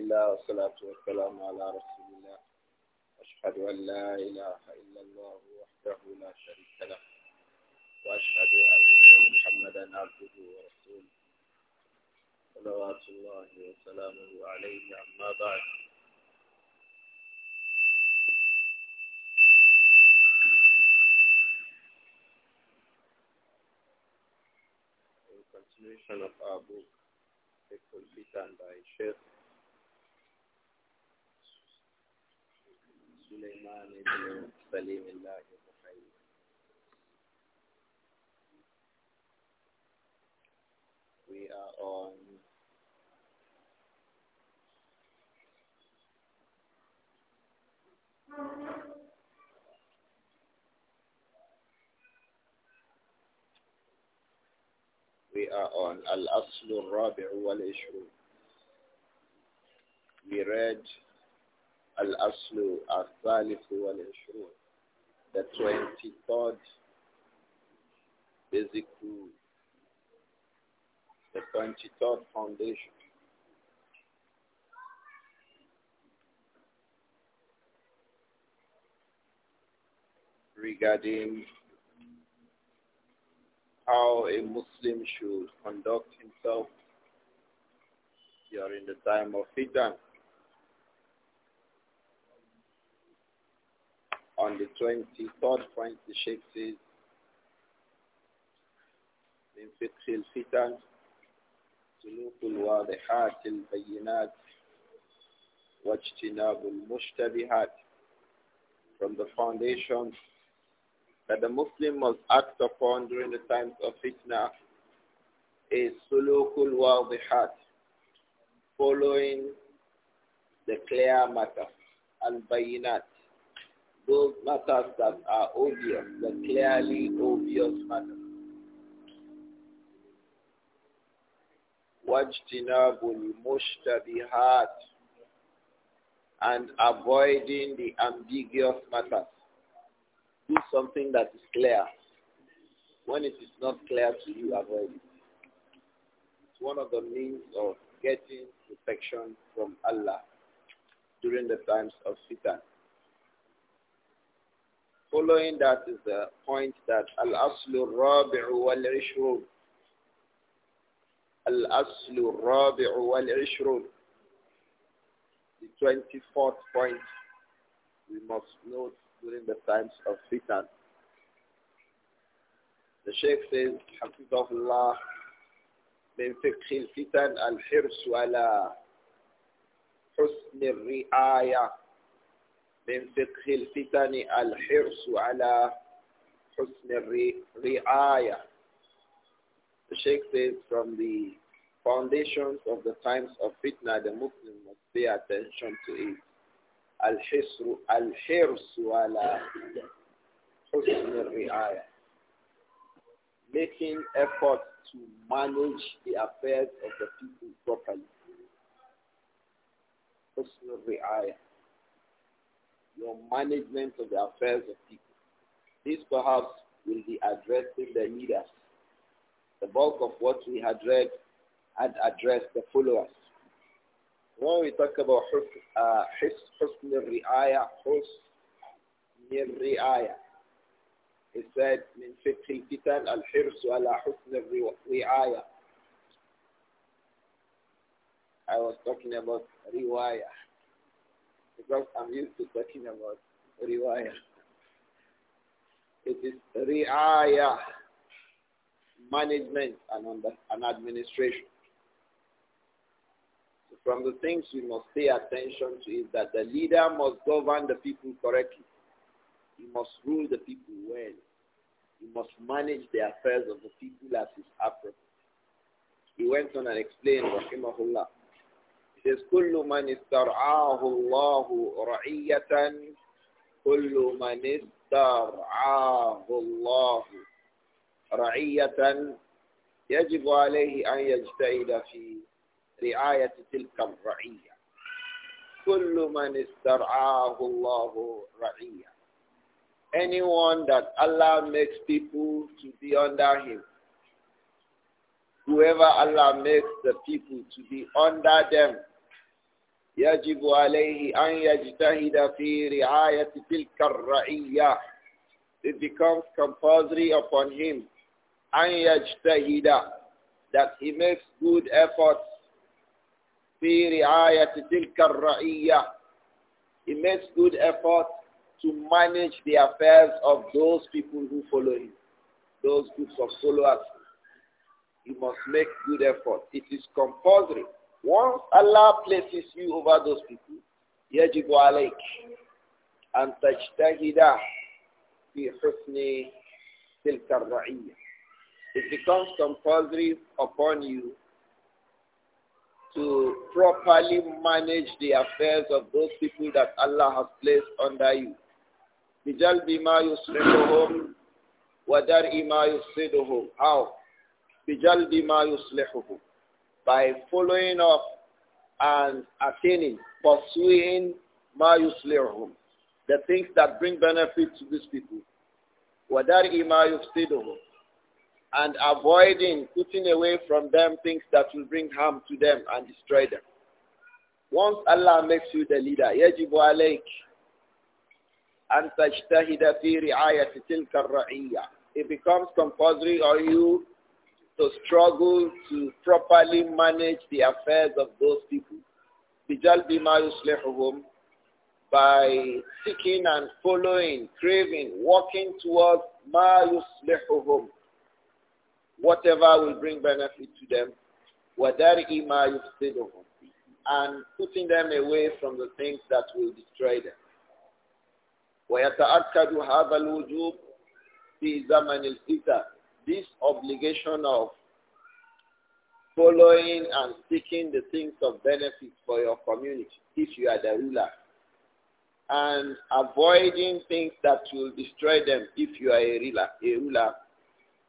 الله والصلاة والسلام على رسول الله أشهد أن لا إله إلا الله وحده لا شريك له وأشهد أن محمدا عبده ورسوله صلوات الله وسلامه عليه أما بعد continuation of our book, Faithful Fitan by Sheikh سليمان بن سليم الله الرحيم We are on We are on Al-Aslu Rabi'u Wal-Ishru. We read Al-Aslu Al-Thalifu Al-Ishrun, the 23rd basic rule, the 23rd foundation. regarding how a Muslim should conduct himself during the time of Hijjah. on the 23rd point, the Sheikh says, من فتح الفتن سلوك الواضحات البينات واجتناب المشتبهات From the foundations that the Muslim must act upon during the times of fitna is sulukul wadihat, following the clear matter, al-bayinat, those matters that are obvious, the clearly obvious matters. the الْمُشْتَبِهَاتِ And avoiding the ambiguous matters. Do something that is clear. When it is not clear to you, avoid it. It's one of the means of getting protection from Allah during the times of Satan. Following that is the point that al-aslu rabiu wal-ishrun. Al-aslu rabiu wal-ishrun. The 24th point we must note during the times of fitan. The Sheikh says, Hafizahullah, من فقه الفتن الحرص على حسن الرعايه من فقه الفتن الحرص على حسن الرعاية The Sheikh says from the foundations of the times of fitna, the Muslim must pay attention to it. Al-Hisru, Al-Hirsu ala Husn al-Ri'aya. Making effort to manage the affairs of the people properly. Husn al-Ri'aya your management of the affairs of people. This perhaps will be addressing the leaders. The bulk of what we had read had addressed the followers. When we talk about uh, Husn al-Ri'aya, Husn al-Ri'aya, it said, من فقه الفتن الحرص على حسن الرعاية. I was talking about riwayah because I'm used to talking about riwaya, It is riaya, management and, under, and administration. So from the things we must pay attention to is that the leader must govern the people correctly. He must rule the people well. He must manage the affairs of the people as is appropriate. He went on and explained, Rahimahullah, is kullu man istar'ahu Allahu ra'iyatan kullu man istar'ahu Allahu ra'iyatan yajibu alayhi an yajtahida fi ri'ayati tilka ar-ra'iyya kullu man istar'ahu Allahu ra'iyya anyone that Allah makes people to be under him whoever Allah makes the people to be under them يجب عليه أن يجتهد في رعاية تلك الرعية it becomes compulsory upon him أن يجتهد that he makes good efforts في رعاية تلك الرعية he makes good efforts to manage the affairs of those people who follow him those groups of followers he must make good efforts. it is compulsory once Allah places you over those people, يجب عليك أن تجتهد في حسن تلك الرعية. It becomes compulsory upon you to properly manage the affairs of those people that Allah has placed under you. بجلب ما يصلحهم ودرء ما يفسدهم أو بجلب ما يصلحهم by following up and attaining, pursuing ma Lerum, the things that bring benefit to these people. وَدَرْءِ مَا يُفْسِدُهُمْ And avoiding, putting away from them things that will bring harm to them and destroy them. Once Allah makes you the leader, yajibu alaik, and تَجْتَهِدَ فِي رِعَايَةِ تِلْكَ الرَّعِيَّةِ It becomes compulsory on you to struggle to properly manage the affairs of those people. By seeking and following, craving, walking towards مَا Whatever will bring benefit to them. wadari مَا And putting them away from the things that will destroy them. وَيَتَأَكَّدُ هَذَا الْوُجُوبِ فِي زَمَنِ الْفِتَةِ this obligation of following and seeking the things of benefit for your community if you are the ruler and avoiding things that will destroy them if you are a ruler. A ruler.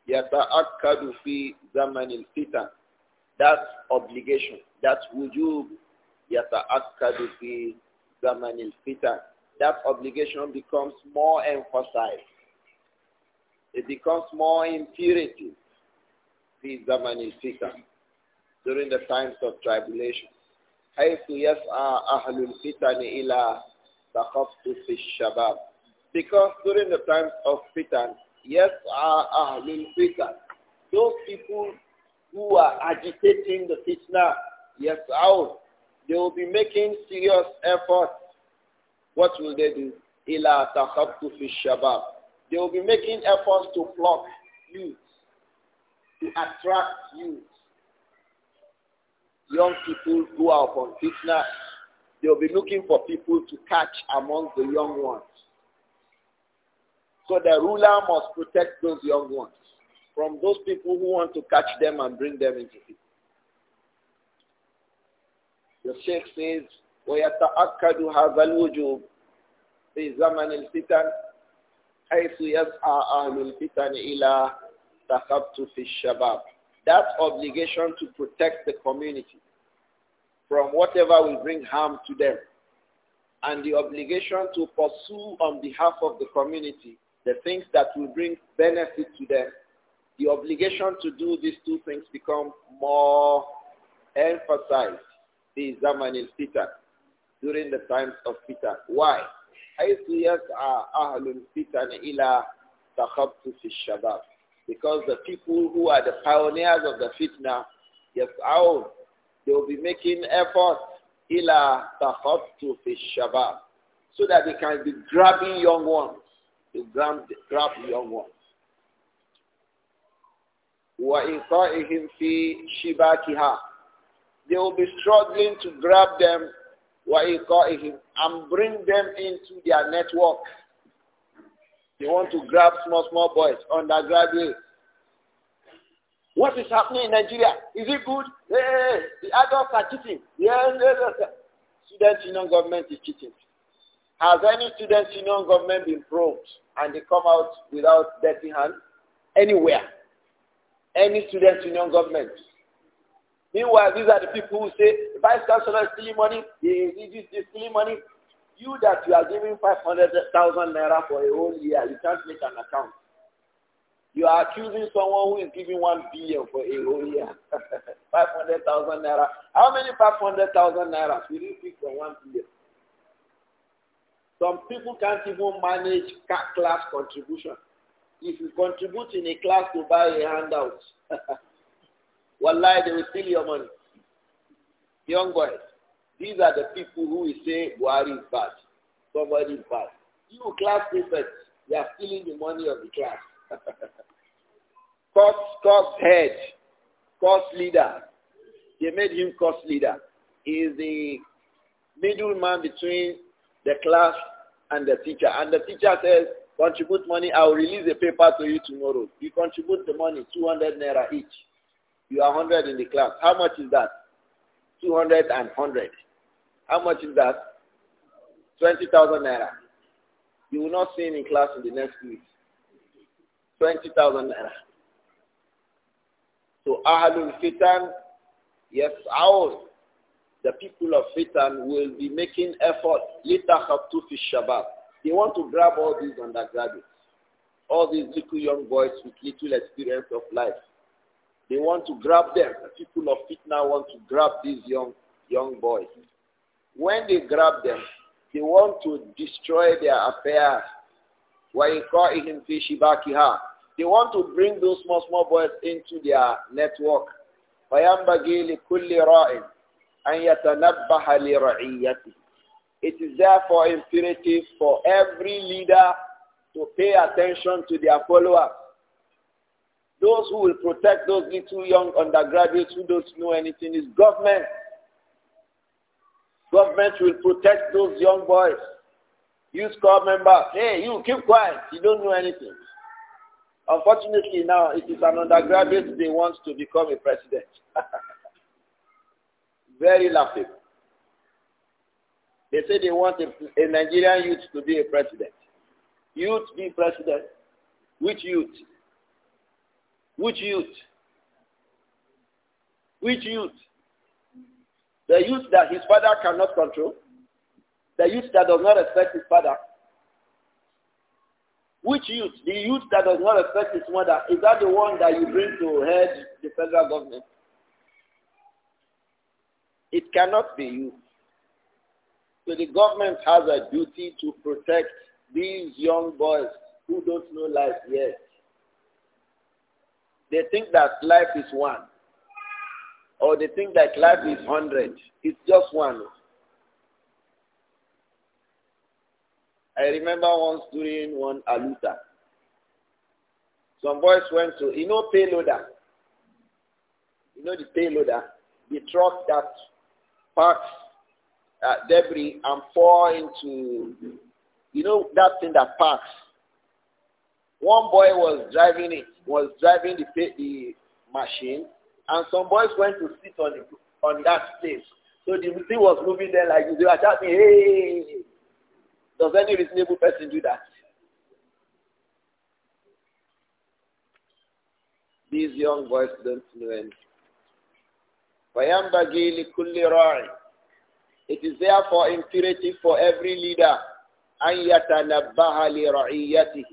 يتأكد في زمن الفتن. That obligation, that wujub, يتأكد في زمن الفتن. That obligation becomes more emphasized it becomes more impurity. During the times of tribulation. Because during the times of fitan, yes, ahlul fitan, those people who are agitating the fitna, yes, out, they will be making serious efforts. What will they do? Ila تخبط في they will be making efforts to pluck youth, to attract youth. Young people who are upon fitness, they will be looking for people to catch among the young ones. So the ruler must protect those young ones from those people who want to catch them and bring them into it. The Sheikh says, وَيَتَأَكَّدُ هَذَا الْوُجُوبِ فِي زَمَنِ الْفِتَنِ حيث يسعى أهل الفتن إلى تخبط الشباب. That obligation to protect the community from whatever will bring harm to them and the obligation to pursue on behalf of the community the things that will bring benefit to them. The obligation to do these two things become more emphasized the Zaman al during the times of Peter. Why? حيث يسعى أهل الفتن إلى تخطف الشباب because the people who are the pioneers of the fitna يسعون oh, they will be making efforts إلى تخطف الشباب so that they can be grabbing young ones to grab, grab young ones وإيقائهم في شباكها they will be struggling to grab them وإيقائهم and bring them into their network. They want to grab small, small boys, undergraduates. What is happening in Nigeria? Is it good? Hey, hey, hey. the adults are cheating. Yes, yes, yes. Student union government is cheating. Has any student union government been probed and they come out without dirty hands? Anywhere. Any student union government Meanwhile, these are the people who say, the vice chancellor is stealing money, he is stealing money. You that you are giving 500,000 naira for a whole year, you can't make an account. You are accusing someone who is giving 1 billion for a whole year. 500,000 naira. How many 500,000 naira will you pick for 1 billion? Some people can't even manage class contribution. If you contribute in a class to buy a handout, Wallahi, they will steal your money. Young boys, these are the people who will say Buhari is bad. Somebody is bad. You class prefects, you are stealing the money of the class. cost, cost head, cost leader. They made him cost leader. He is the middleman between the class and the teacher. And the teacher says, contribute money. I will release a paper to you tomorrow. You contribute the money, 200 naira each. You are 100 in the class. How much is that? 200 and 100. How much is that? 20,000 naira. You will not see him in class in the next week. 20,000 naira. So Ahlul Fitan, yes, our, the people of Fitan will be making effort. Litakhabtu fi shabab. They want to grab all these undergraduates, all these little young boys with little experience of life. They want to grab them. The people of Fitna want to grab these young, young boys. When they grab them, they want to destroy their affairs. They want to bring those small, small boys into their network. It is therefore imperative for every leader to pay attention to their followers. Those who will protect those little young undergraduates who don't know anything is government. Government will protect those young boys. Youth corps members, hey, you keep quiet. You don't know anything. Unfortunately now, it is an undergraduate they want to become a president. Very laughable. They say they want a, a Nigerian youth to be a president. Youth be president. Which youth? Which youth? Which youth? The youth that his father cannot control? The youth that does not respect his father? Which youth? The youth that does not respect his mother. Is that the one that you bring to head the federal government? It cannot be you. So the government has a duty to protect these young boys who don't know life yet. They think that life is one. Or they think that life is hundred. It's just one. I remember once during one aluta. Some boys went to, you know payloader. You know the payloader? The truck that parks uh, debris and fall into, you know that thing that parks one boy was driving it, was driving the, the machine, and some boys went to sit on the, on that place. So the thing was moving there like this. They were shouting, hey! Does any reasonable person do that? These young boys don't know anything. It is therefore imperative for every leader أَنْ يَتَنَبَّهَ لِرَعِيَّتِهِ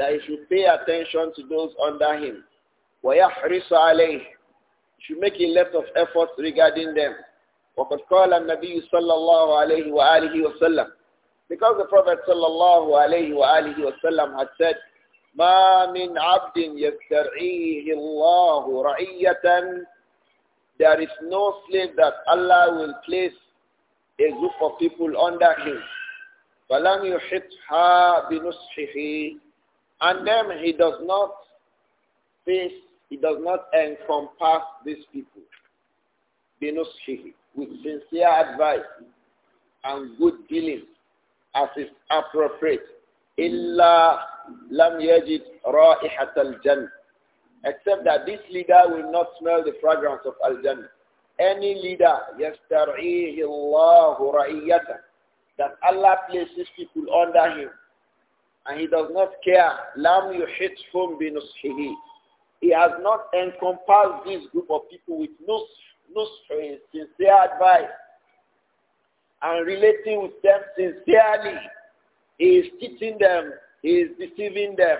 that he should pay attention to those under him. وَيَحْرِصَ should make a lot of effort regarding them. Because the Prophet sallallahu alayhi wa وآله wasallam had said, مَا مِنْ عَبْدٍ يَسْتَرْعِيهِ اللَّهُ رَعِيَّةً There is no slave that Allah will place a group of people under him. فَلَمْ يُحِطْهَا بِنُصْحِهِ and then he does not face, he does not encompass these people. Binushihi, with sincere advice and good dealing as is appropriate. Illa lam yajid ra'ihat al jann. Except that this leader will not smell the fragrance of al-jannah. Any leader, yastar'ihi Allah ra'iyata, that Allah places people under him and he does not care. Lam yuhithum binushihi. He has not encompassed this group of people with nusf, nusf, sincere advice. And relating with them sincerely. He is cheating them. He is deceiving them.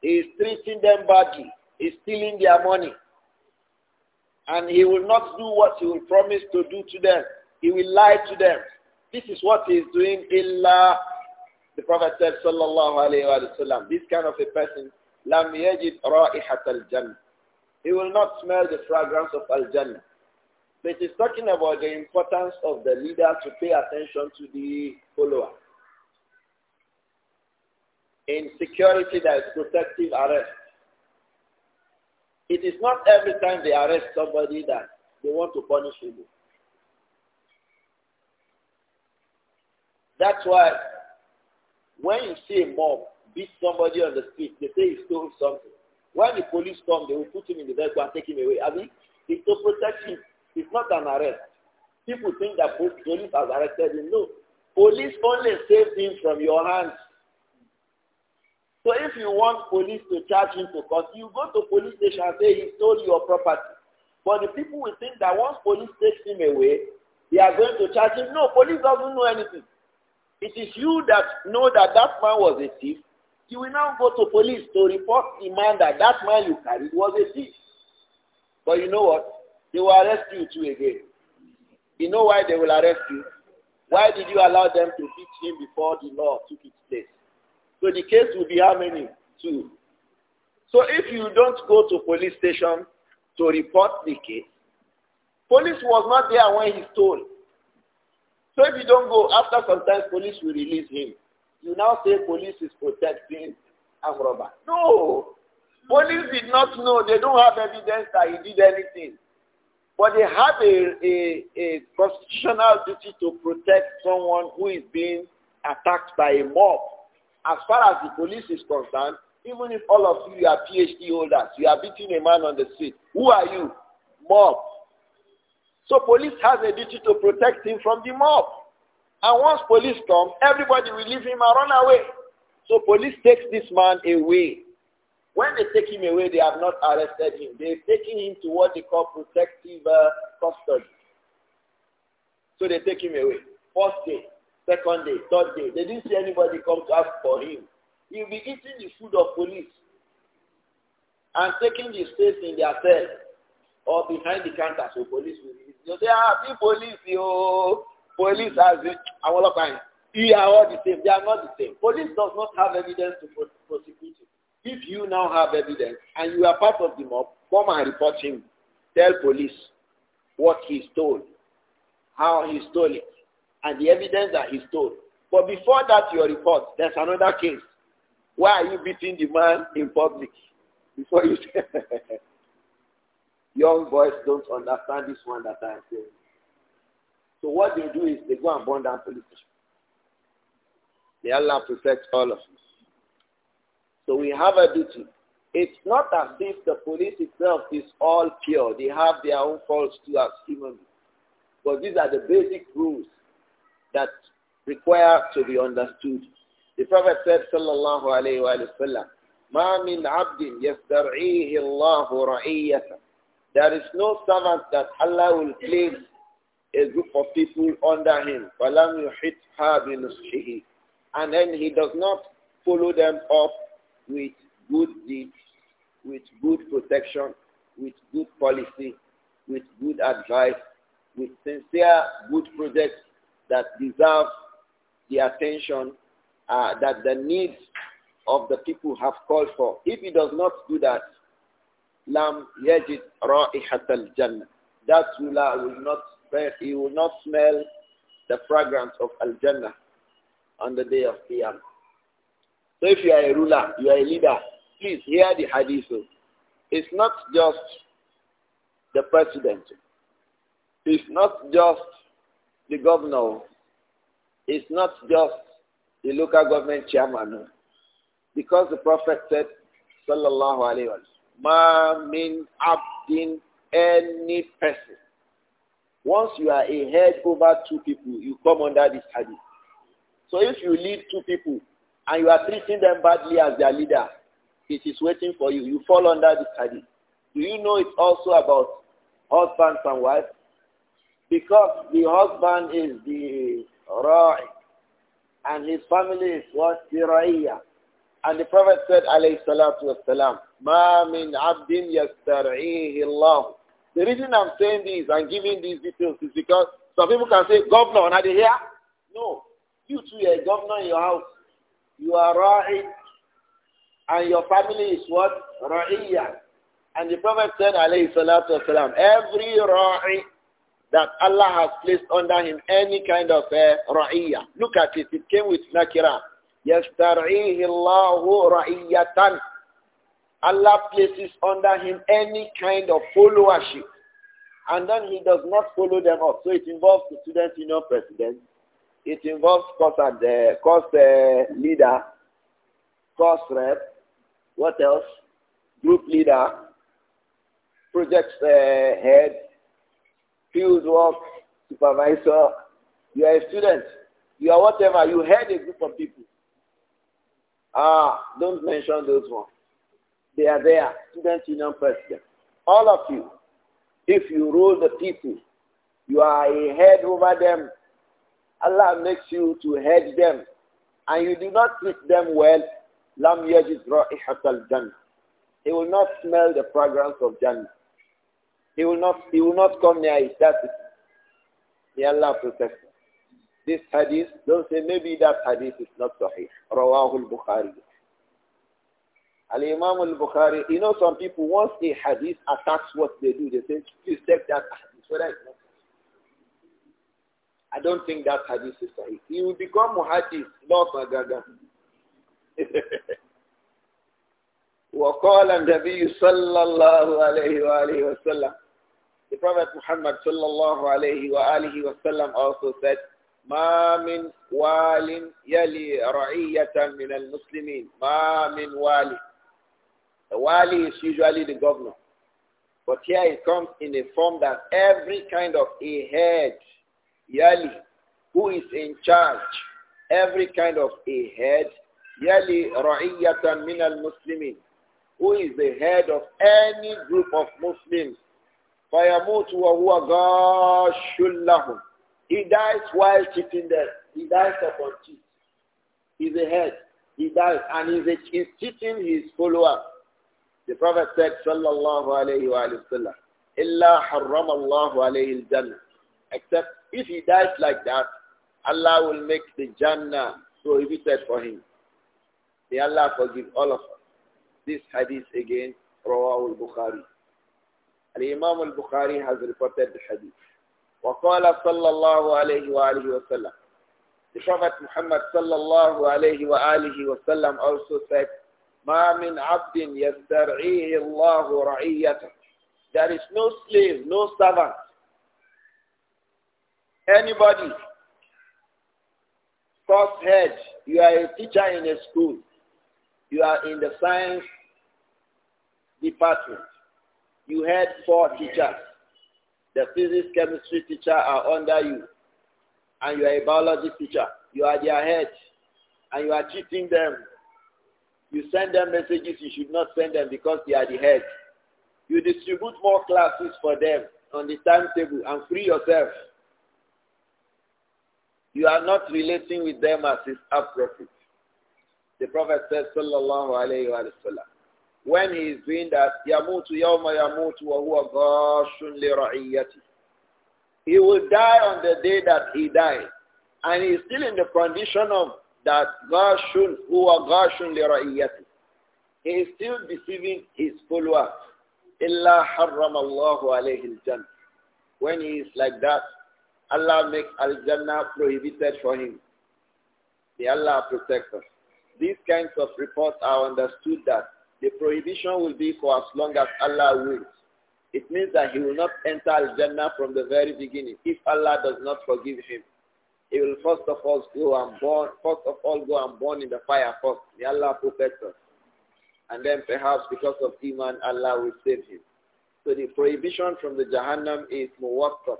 He is treating them badly. He is stealing their money. And he will not do what he will promise to do to them. He will lie to them. This is what he is doing. Illa the Prophet said, sallallahu alaihi wasallam." this kind of a person, لَمْ يَجِدْ al الْجَنَّةِ He will not smell the fragrance of Al-Jannah. This it is talking about the importance of the leader to pay attention to the follower. In security, there is protective arrest. It is not every time they arrest somebody that they want to punish him. That's why when you see a mob beat somebody on the street, they say he stole something. When the police come, they will put him in the vehicle and take him away. I mean, it's to protect him. It's not an arrest. People think that police has arrested him. No. Police only saved him from your hands. So if you want police to charge him to court, you go to police station and say he stole your property. But the people will think that once police takes him away, they are going to charge him. No, police doesn't know anything. It is you that know that that man was a thief. You will now go to police to report the man that that man you carried was a thief. But you know what? They will arrest you too again. You know why they will arrest you? Why did you allow them to beat him before the law took its place? So the case will be how many? Two. So if you don't go to police station to report the case, police was not there when he stole. So if you don't go, after some time, police will release him. You now say police is protecting Amroba. No. Police did not know. They don't have evidence that he did anything. But they have a, a, a constitutional duty to protect someone who is being attacked by a mob. As far as the police is concerned, even if all of you are PhD holders, you are beating a man on the street, who are you? Mob. So police has a duty to protect him from the mob. And once police come, everybody will leave him and run away. So police takes this man away. When they take him away, they have not arrested him. they are taking him to what they call protective uh, custody. So they take him away. First day, second day, third day. They didn't see anybody come to ask for him. He'll be eating the food of police and taking the space in their cell or behind the counter so police will release you say ah be police yo police as in àwọn ọlọ́pàá yẹn you are all the same they are not the same police does not have evidence to prosecute you if you now have evidence and you are part of the mob come and report him tell police what he stole how he stole it and the evidence that he stole but before that your report there's another case why are you beating the man in public before you Young boys don't understand this one that I'm saying. So what they do is they go and burn down police station. May Allah protect all of us. So we have a duty. It's not as if the police itself is all pure. They have their own faults too as human beings. But these are the basic rules that require to be understood. The Prophet said, sallallahu Alaihi wa sallam, ما من عبد يسترعيه الله رعية there is no servant that Allah will place a group of people under him. And then he does not follow them up with good deeds, with good protection, with good policy, with good advice, with sincere good projects that deserve the attention uh, that the needs of the people have called for. If he does not do that, lam yajid ra'ihat al-jannah. That will not smell, he will not smell the fragrance of al-jannah on the day of Qiyamah. So if you are a ruler, you are a leader, please hear the hadith. It's not just the president. It's not just the governor. It's not just the local government chairman. Because the Prophet said, Sallallahu Alaihi Wasallam, Ma min abdin, any person. Once you are a head over two people, you come under this hadith. So if you lead two people and you are treating them badly as their leader, it is waiting for you. You fall under this hadith. Do you know it's also about husbands and wives? Because the husband is the ra'i and his family is what? The And the Prophet said, alayhi salatu wasalam, Ma min abdin yastarihi Allah. The reason I'm saying this and giving these details is because some people can say, governor, are they here? No. You too, you're a governor in your house. You are ra'i and your family is what? Ra'iyya. And the Prophet said, alayhi salatu wasalam, every ra'i that Allah has placed under him any kind of uh, eh, ra'iyya. Look at it. It came with nakira. يَسْتَرْعِيهِ اللَّهُ رَعِيَّةً Allah places under him any kind of followership. And then he does not follow them up. So it involves the student union president. It involves course, and, uh, course uh, leader, course rep, what else? Group leader, project uh, head, field work supervisor. You are a student. You are whatever. You head a group of people. Ah, don't mention those ones. They are there, student union president. All of you, if you rule the people, you are a head over them. Allah makes you to head them. And you do not treat them well, lam yajid ra'ihat al He will not smell the fragrance of Jannah. He will not, he will not come near it. That's May Allah protect us. This hadith, don't say maybe that hadith is not sahih. Rawahul Bukhari. Al-Imam al-Bukhari, you know some people, once a hadith attacks what they do, they say, please take that hadith, whether it's not. I don't think that hadith is sahih. He will become muhadith, not magaga. وقال النبي صلى الله عليه وآله وسلم The Prophet Muhammad صلى الله عليه وآله وسلم also said ما من وال يلي رعية من المسلمين ما من وال The wali is usually the governor. But here it comes in a form that every kind of a head, yali, who is in charge, every kind of a head, yali ra'iyatan min al-muslimin, who is the head of any group of Muslims. فَيَمُوتُ وَهُوَ غَاشٌ لَهُمْ He dies while cheating them. He dies upon cheat. He's a head. He dies and he's, a, he's cheating his followers. The Prophet said, sallallahu alayhi wa sallam, illa harram Allahu alayhi jannah Except if he dies like that, Allah will make the Jannah prohibited for him. May Allah forgive all of us. This hadith again, Rawah al-Bukhari. Al-Imam al-Bukhari has reported the hadith. وقال صلى الله عليه وآله وسلم The Prophet Muhammad صلى الله عليه وآله وسلم also said, ما من عبد يسترعيه الله رعيته There is no slave, no servant. Anybody. First head, you are a teacher in a school. You are in the science department. You had four teachers. The physics, chemistry teacher are under you. And you are a biology teacher. You are their head. And you are teaching them you send them messages you should not send them because they are the head. You distribute more classes for them on the timetable and free yourself. You are not relating with them as is appropriate. The Prophet says, Sallallahu Alaihi Wasallam, when he is doing that, يَمُوتُ Yamutu يَمُوتُ وَهُوَ غَاشٌ لِرَعِيَّتِهِ He will die on the day that he died. And he is still in the condition of that Gashun huwa Gashun lira'iyati. He is still deceiving his followers. Illa haram Allahu alayhi When he is like that, Allah makes al-jannah prohibited for him. May Allah protect us. These kinds of reports are understood that the prohibition will be for as long as Allah wills. It means that he will not enter al-jannah from the very beginning if Allah does not forgive him. He will first of all go and burn, first of all go and burn in the fire first. May Allah protect us. And then perhaps because of Iman, Allah will save him. So the prohibition from the Jahannam is muwakkat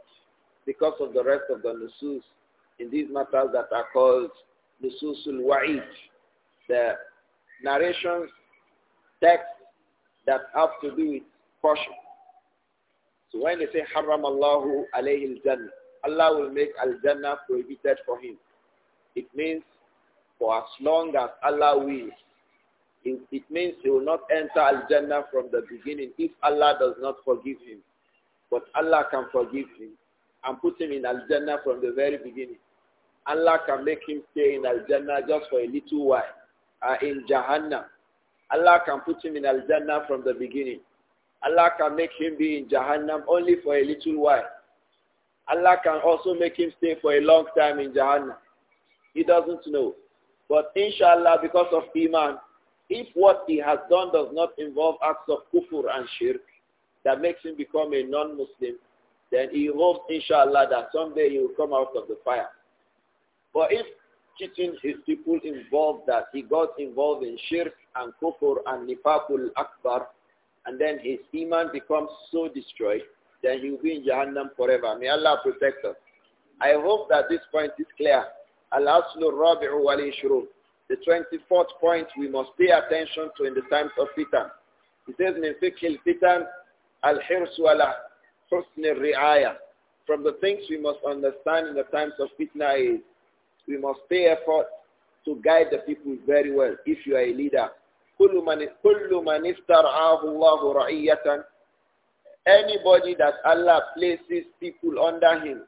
because of the rest of the nusus in these matters that are called nususul wa'id. The narrations, texts that have to do with caution. So when they say haram Allahu alayhi al-jannah, Allah will make Al-Jannah prohibited for him. It means for as long as Allah wills. It, it means he will not enter Al-Jannah from the beginning if Allah does not forgive him. But Allah can forgive him and put him in Al-Jannah from the very beginning. Allah can make him stay in Al-Jannah just for a little while, uh, in Jahannam. Allah can put him in Al-Jannah from the beginning. Allah can make him be in Jahannam only for a little while. Allah can also make him stay for a long time in Jahannam. He doesn't know. But inshallah, because of Iman, if what he has done does not involve acts of kufur and shirk that makes him become a non-Muslim, then he hopes, inshallah, that someday he will come out of the fire. But if cheating his people involved that he got involved in shirk and kufur and nifakul akbar, and then his iman becomes so destroyed, then he will be in Jahannam forever. May Allah protect us. I hope that this point is clear. Al-Aslu Rabi'u wal Shurub. The 24th point we must pay attention to in the times of fitan. He says "Min Fiqh al-Fitan, Al-Hirsu ala Husn al-Ri'aya. From the things we must understand in the times of fitna is we must pay effort to guide the people very well if you are a leader. كل من, كل من استرعاه الله رعية Anybody that Allah places people under him,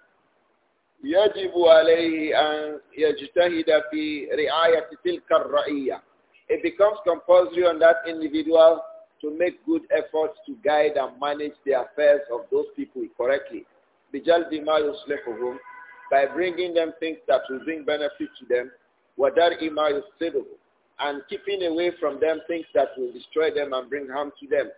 يجب عليه أن يجتهد في رعاية تلك الرعية. It becomes compulsory on that individual to make good efforts to guide and manage the affairs of those people correctly. بجلب ما يصلحهم by bringing them things that will bring benefit to them وَدَرْءِ مَا يُفْسِدُهُمْ and keeping away from them things that will destroy them and bring harm to them.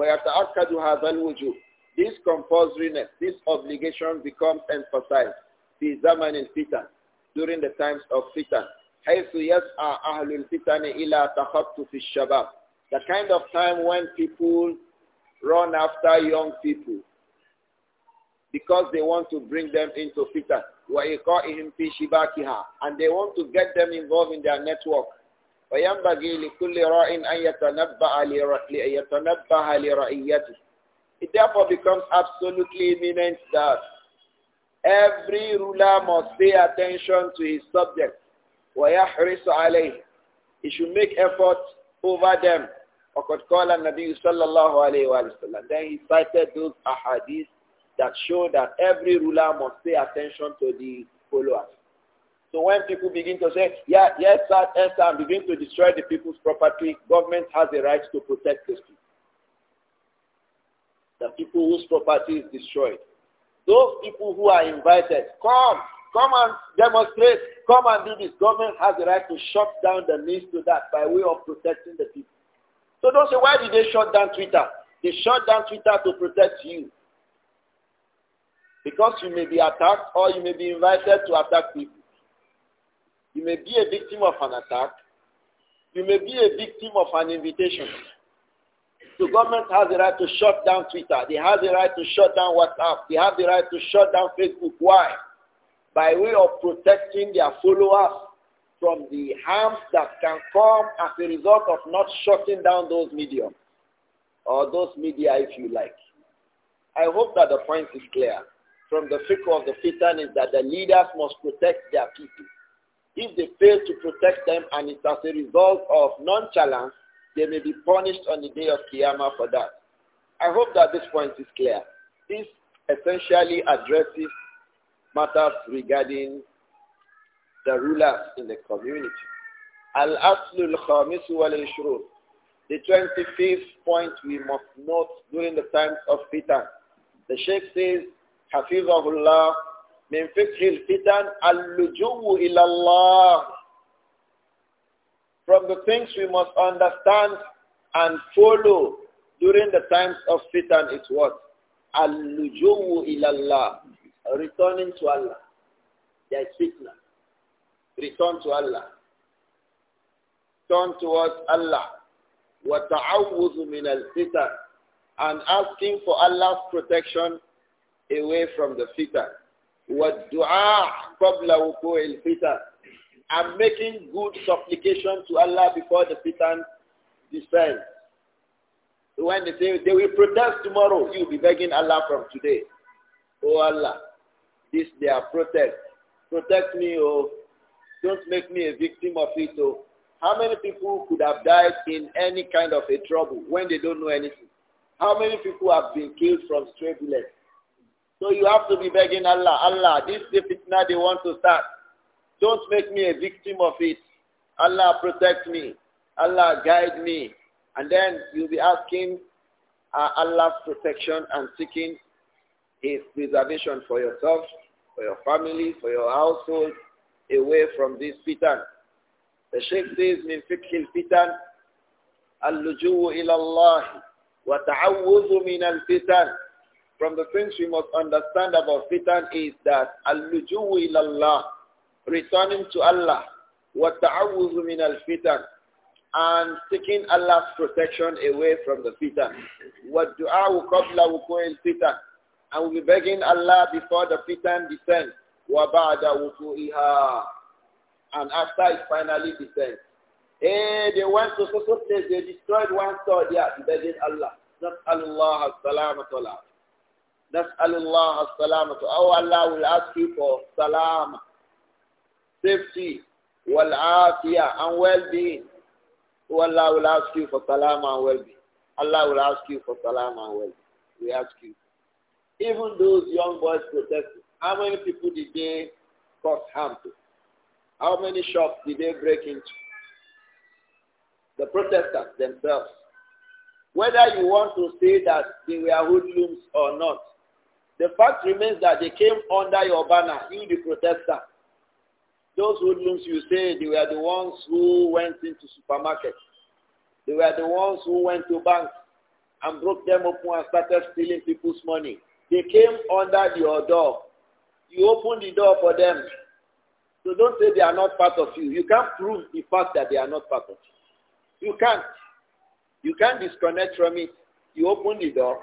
وَيَتَأَكَّدُ هَذَا الْوُجُوبُ This compulsoriness, this obligation becomes emphasized في زمن الفتن during the times of fitan حيث يسعى أهل الفتن إلى تخطف الشباب The kind of time when people run after young people because they want to bring them into fitan وإيقائهم في شباكها and they want to get them involved in their network فينبغي لكل راع أن يتنبه It therefore becomes absolutely imminent that every ruler must pay attention to his subjects. ويحرص عليه He should make effort over them. وقد قال النبي صلى الله عليه وسلم Then he cited those ahadith that show that every ruler must pay attention to the followers. So when people begin to say, yeah, yes, sir, yes, sir, I'm beginning to destroy the people's property, government has the right to protect those people. The people whose property is destroyed. Those people who are invited, come, come and demonstrate, come and do this. Government has the right to shut down the means to that by way of protecting the people. So don't say, why did they shut down Twitter? They shut down Twitter to protect you. Because you may be attacked or you may be invited to attack people. You may be a victim of an attack. You may be a victim of an invitation. The government has the right to shut down Twitter. They have the right to shut down WhatsApp. They have the right to shut down Facebook. Why? By way of protecting their followers from the harms that can come as a result of not shutting down those media or those media if you like. I hope that the point is clear. From the figure of the fitan is that the leaders must protect their people. If they fail to protect them and it's as a result of nonchalance, they may be punished on the day of Qiyamah for that. I hope that this point is clear. This essentially addresses matters regarding the rulers in the community. Al-Aslul Khamisu wal The 25th point we must note during the times of Peter. The Sheikh says, Hafizahullah من الفتن اللجوء إلى الله From the things we must understand and follow during the times of fitan is what? Al-lujuwu ilallah. Returning to Allah. There is fitna. Return to Allah. Turn towards Allah. وَتَعَوُّذُ مِنَ الْفِتَنِ And asking for Allah's protection away from the fitan. وَالدُّعَاءُ قَبْلَ وُقُوعِ الْفِتَنِ am making good supplication to Allah before the fitan descends. So when they say they will protest tomorrow, you'll be begging Allah from today. Oh Allah, this their protest. Protect me, oh. Don't make me a victim of it, oh. How many people could have died in any kind of a trouble when they don't know anything? How many people have been killed from stray bullets? So you have to be begging Allah, Allah, this is the fitna they want to start. Don't make me a victim of it. Allah protect me. Allah guide me. And then you'll be asking uh, Allah's protection and seeking his preservation for yourself, for your family, for your household, away from this fitan. The Sheikh says, al فقه ila Allah wa الله min al الفتن from the things we must understand about fitan is that al-lujuwu Allah, returning to Allah, wa ta'awuzu min al-fitan, and taking Allah's protection away from the fitan. Wa du'a'u qabla wuku'il fitan, and we'll be begging Allah before the fitan descends. Wa ba'da wuku'iha, and after it finally descends. Hey, eh, they went to so place, they destroyed one store there, begging Allah. Not Allah, salam, salam. نسأل الله oh Allah will ask you for salam, safety, والعافية and well-being. Oh Allah will ask you for salam and well-being. Allah will ask you for salam and well-being. We ask you. Even those young boys protesting, how many people did they cause harm to? How many shops did they break into? The protesters themselves. Whether you want to say that they were hoodlums or not, the fact remains that they came under your banner, you the protester. Those hoodlums you say they were the ones who went into supermarkets. They were the ones who went to banks and broke them open and started stealing people's money. They came under your door. You opened the door for them. So don't say they are not part of you. You can't prove the fact that they are not part of you. You can't. You can't disconnect from it. You opened the door.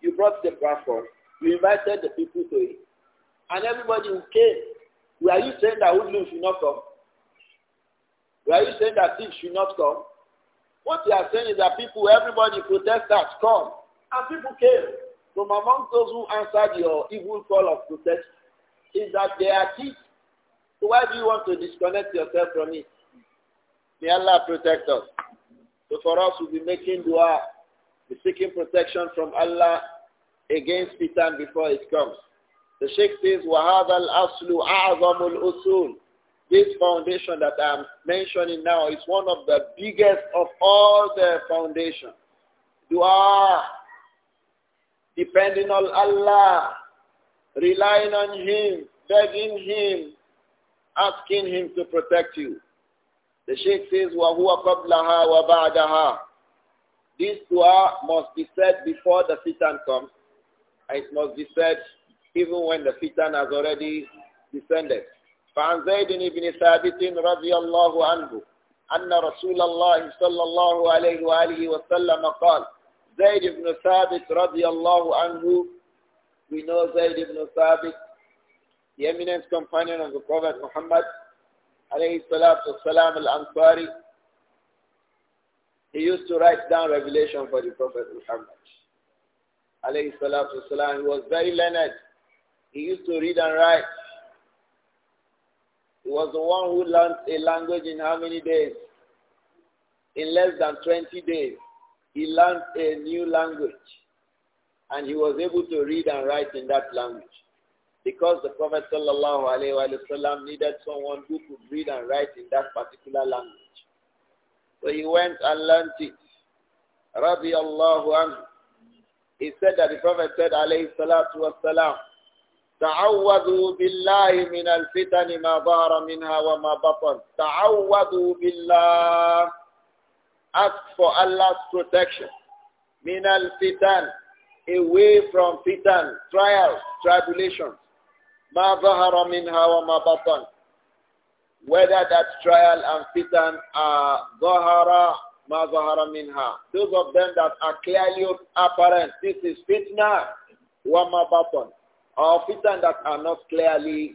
You brought the platform. We invited the people to it. And everybody who came, were you saying that Muslims should not come? Were you saying that thieves should not come? What you are saying is that people, everybody, protesters come. And people came. From among those who answered your evil call of protest is that they are thieves. So why do you want to disconnect yourself from it? May Allah protect us. So for us, we'll be making dua, be seeking protection from Allah against fitan before it comes. The Sheikh says, وَهَذَا الْأَصْلُ أَعْظَمُ الْأُصُولِ This foundation that I'm mentioning now is one of the biggest of all the foundations. Dua, depending on Allah, relying on Him, begging Him, asking Him to protect you. The Sheikh says, وَهُوَ قَبْلَهَا وَبَعْدَهَا This dua must be said before the fitan comes and it must be said even when the fitan has already descended. فعن زيد بن ثابت رضي الله عنه أن رسول الله صلى الله عليه وآله وسلم قال زيد بن ثابت رضي الله عنه We know Zayd ibn Thabit, the eminent companion of the Prophet Muhammad alayhi salatu salam al He used to write down revelation for the Prophet Muhammad alayhi salatu wasalam, he was very learned. He used to read and write. He was the one who learned a language in how many days? In less than 20 days, he learned a new language. And he was able to read and write in that language. Because the Prophet wasallam needed someone who could read and write in that particular language. So he went and learned it. رضي الله عنه he said that the Prophet said, alayhi salatu wassalam, تعوذوا بالله من الفتن ما ظهر منها وما بطن تعوذوا بالله ask for Allah's protection من الفتن away from fitan trials tribulations ما ظهر منها وما بطن whether that trial and fitan are ظهر mazahara minha. Those of them that are clearly apparent, this is fitna, wama baton, or fitna that are not clearly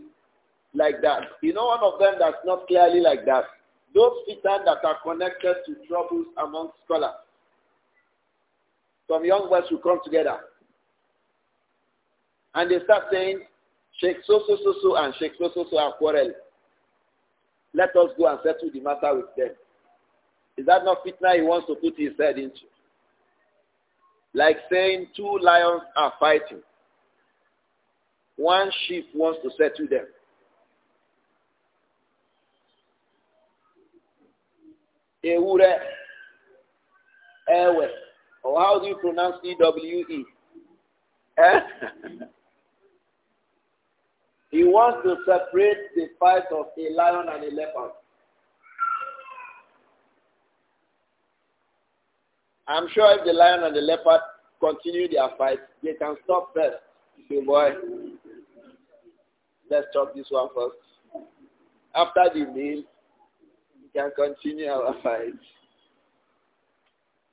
like that. You know one of them that's not clearly like that? Those Fitna that are connected to troubles among scholars. Some young ones will come together. And they start saying, Sheikh so so so so and Sheikh so so so are quarrel. Let us go and settle the matter with them. Is that not fitna he wants to put his head into? Like saying two lions are fighting. One sheep wants to settle them. Ewure, Ewe, or how do you pronounce E-W-E? Eh? he wants to separate the fight of a lion and a leopard. I'm sure if the lion and the leopard continue their fight, they can stop first. You say, boy, let's stop this one first. After the meal, we can continue our fight.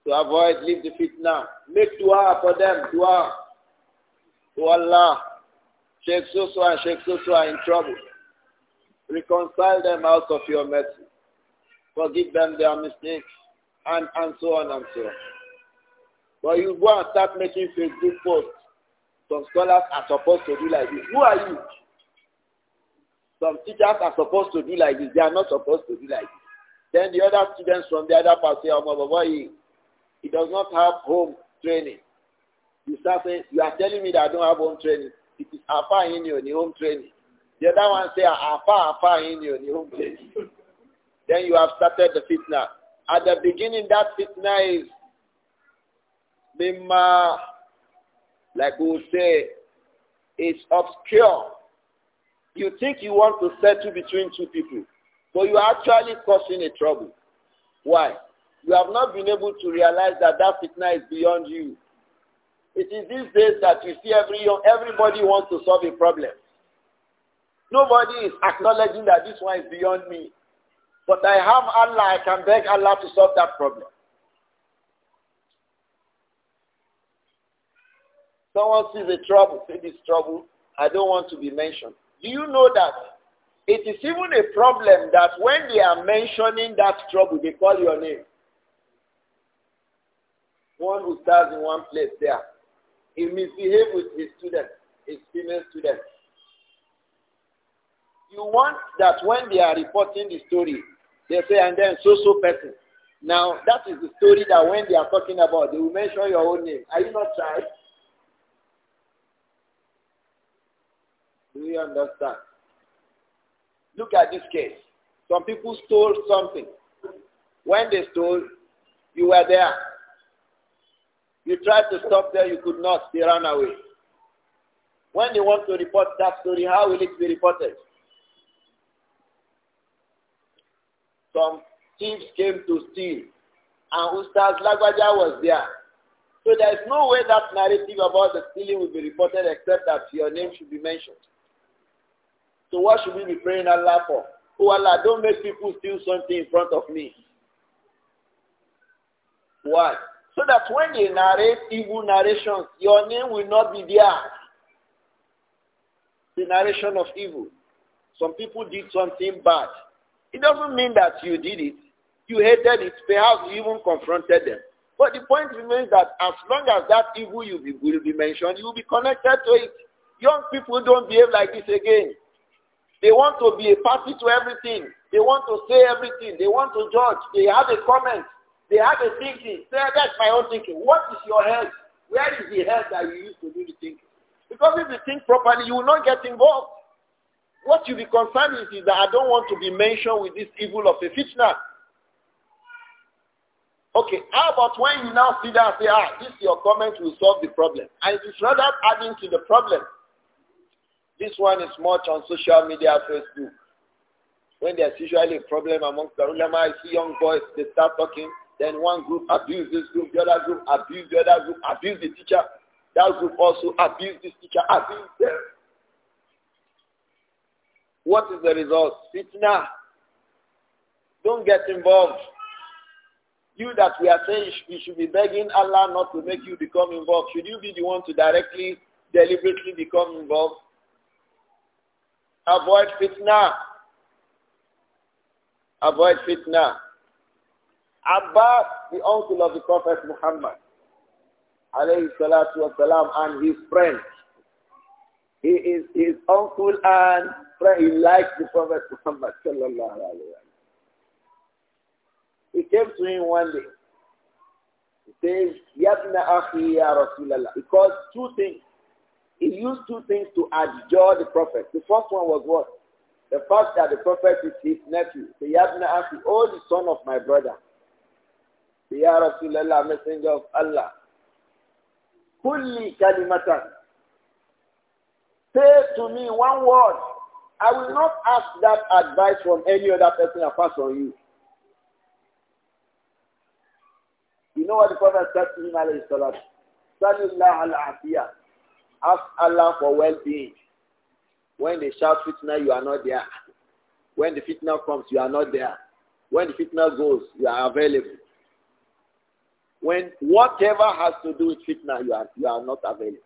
To avoid, leave the fitna. Make dua for them, dua. To Allah. Sheikh Soso and Sheikh Soso are in trouble. Reconcile them out of your mercy. Forgive them their mistakes and, and so on and so on. But you go and start making Facebook posts. Some scholars are supposed to do like this. Who are you? Some teachers are supposed to do like this. They are not supposed to do like this. Then the other students from the other part say, oh, boy, he, he does not have home training. You start saying, you are telling me that I don't have home training. It is Afa in your home training. The other one say, Afa, Afa in your home training. then you have started the fitness. At the beginning, that fitna is mimma, like we would say, is obscure. You think you want to settle between two people, but you are actually causing a trouble. Why? You have not been able to realize that that fitna is beyond you. It is these days that you see every everybody wants to solve a problem. Nobody is acknowledging that this one is beyond me. But I have Allah, I can beg Allah to solve that problem. Someone sees a trouble, see this trouble, I don't want to be mentioned. Do you know that it is even a problem that when they are mentioning that trouble, they call your name. One who stands in one place there, he misbehaves with his student, his female student. You want that when they are reporting the story, they say, and then so-so person. Now, that is the story that when they are talking about, they will mention your own name. Are you not tried? Do you understand? Look at this case. Some people stole something. When they stole, you were there. You tried to stop them, you could not. They ran away. When they want to report that story, how will it be reported? thieves came to steal, and Ustaz Lagwaja was there. So there is no way that narrative about the stealing will be reported except that your name should be mentioned. So what should we be praying Allah for? Oh Allah, don't make people steal something in front of me. Why? So that when they narrate evil narrations, your name will not be there. The narration of evil. Some people did something bad. It doesn't mean that you did it. You hated it. Perhaps you even confronted them. But the point remains that as long as that evil you be, will be mentioned, you will be connected to it. Young people don't behave like this again. They want to be a party to everything. They want to say everything. They want to judge. They have a comment. They have a thinking. Say, that's my own thinking. What is your head? Where is the head that you used to do the thinking? Because if you think properly, you will not get involved. What you be concerned with is that I don't want to be mentioned with this evil of a fitna. Okay, how about when you now see that and say, ah, this your comment will solve the problem. And it's rather adding to the problem. This one is much on social media, Facebook. When there's usually a problem amongst the ulama, I see young boys, they start talking, then one group abuse this group, the other group abuse the other group, abuse the teacher, that group also abuse this teacher, abuse them. What is the result? Fitna. Don't get involved. You that we are saying you should be begging Allah not to make you become involved. Should you be the one to directly, deliberately become involved? Avoid fitna. Avoid fitna. Abbas, the uncle of the Prophet Muhammad, alayhi salatu wasalam, and his friends, he is his uncle and friend. He likes the Prophet Muhammad sallallahu alayhi wa He came to him one day. He says, Yabna akhi ya Rasulallah. He called two things. He used two things to adjure the Prophet. The first one was what? The fact that the Prophet is his nephew. The Yabna akhi, oh the son of my brother. The Ya Rasulallah, messenger of Allah. Kulli kalimatan. Say to me one word. I will not ask that advice from any other person apart from you. You know what the Prophet said to him, alayhi salam? al-afiyah. Ask Allah for well-being. When they shout fitna, you are not there. When the fitna comes, you are not there. When the fitna goes, you are available. When whatever has to do with fitna, you are, you are not available.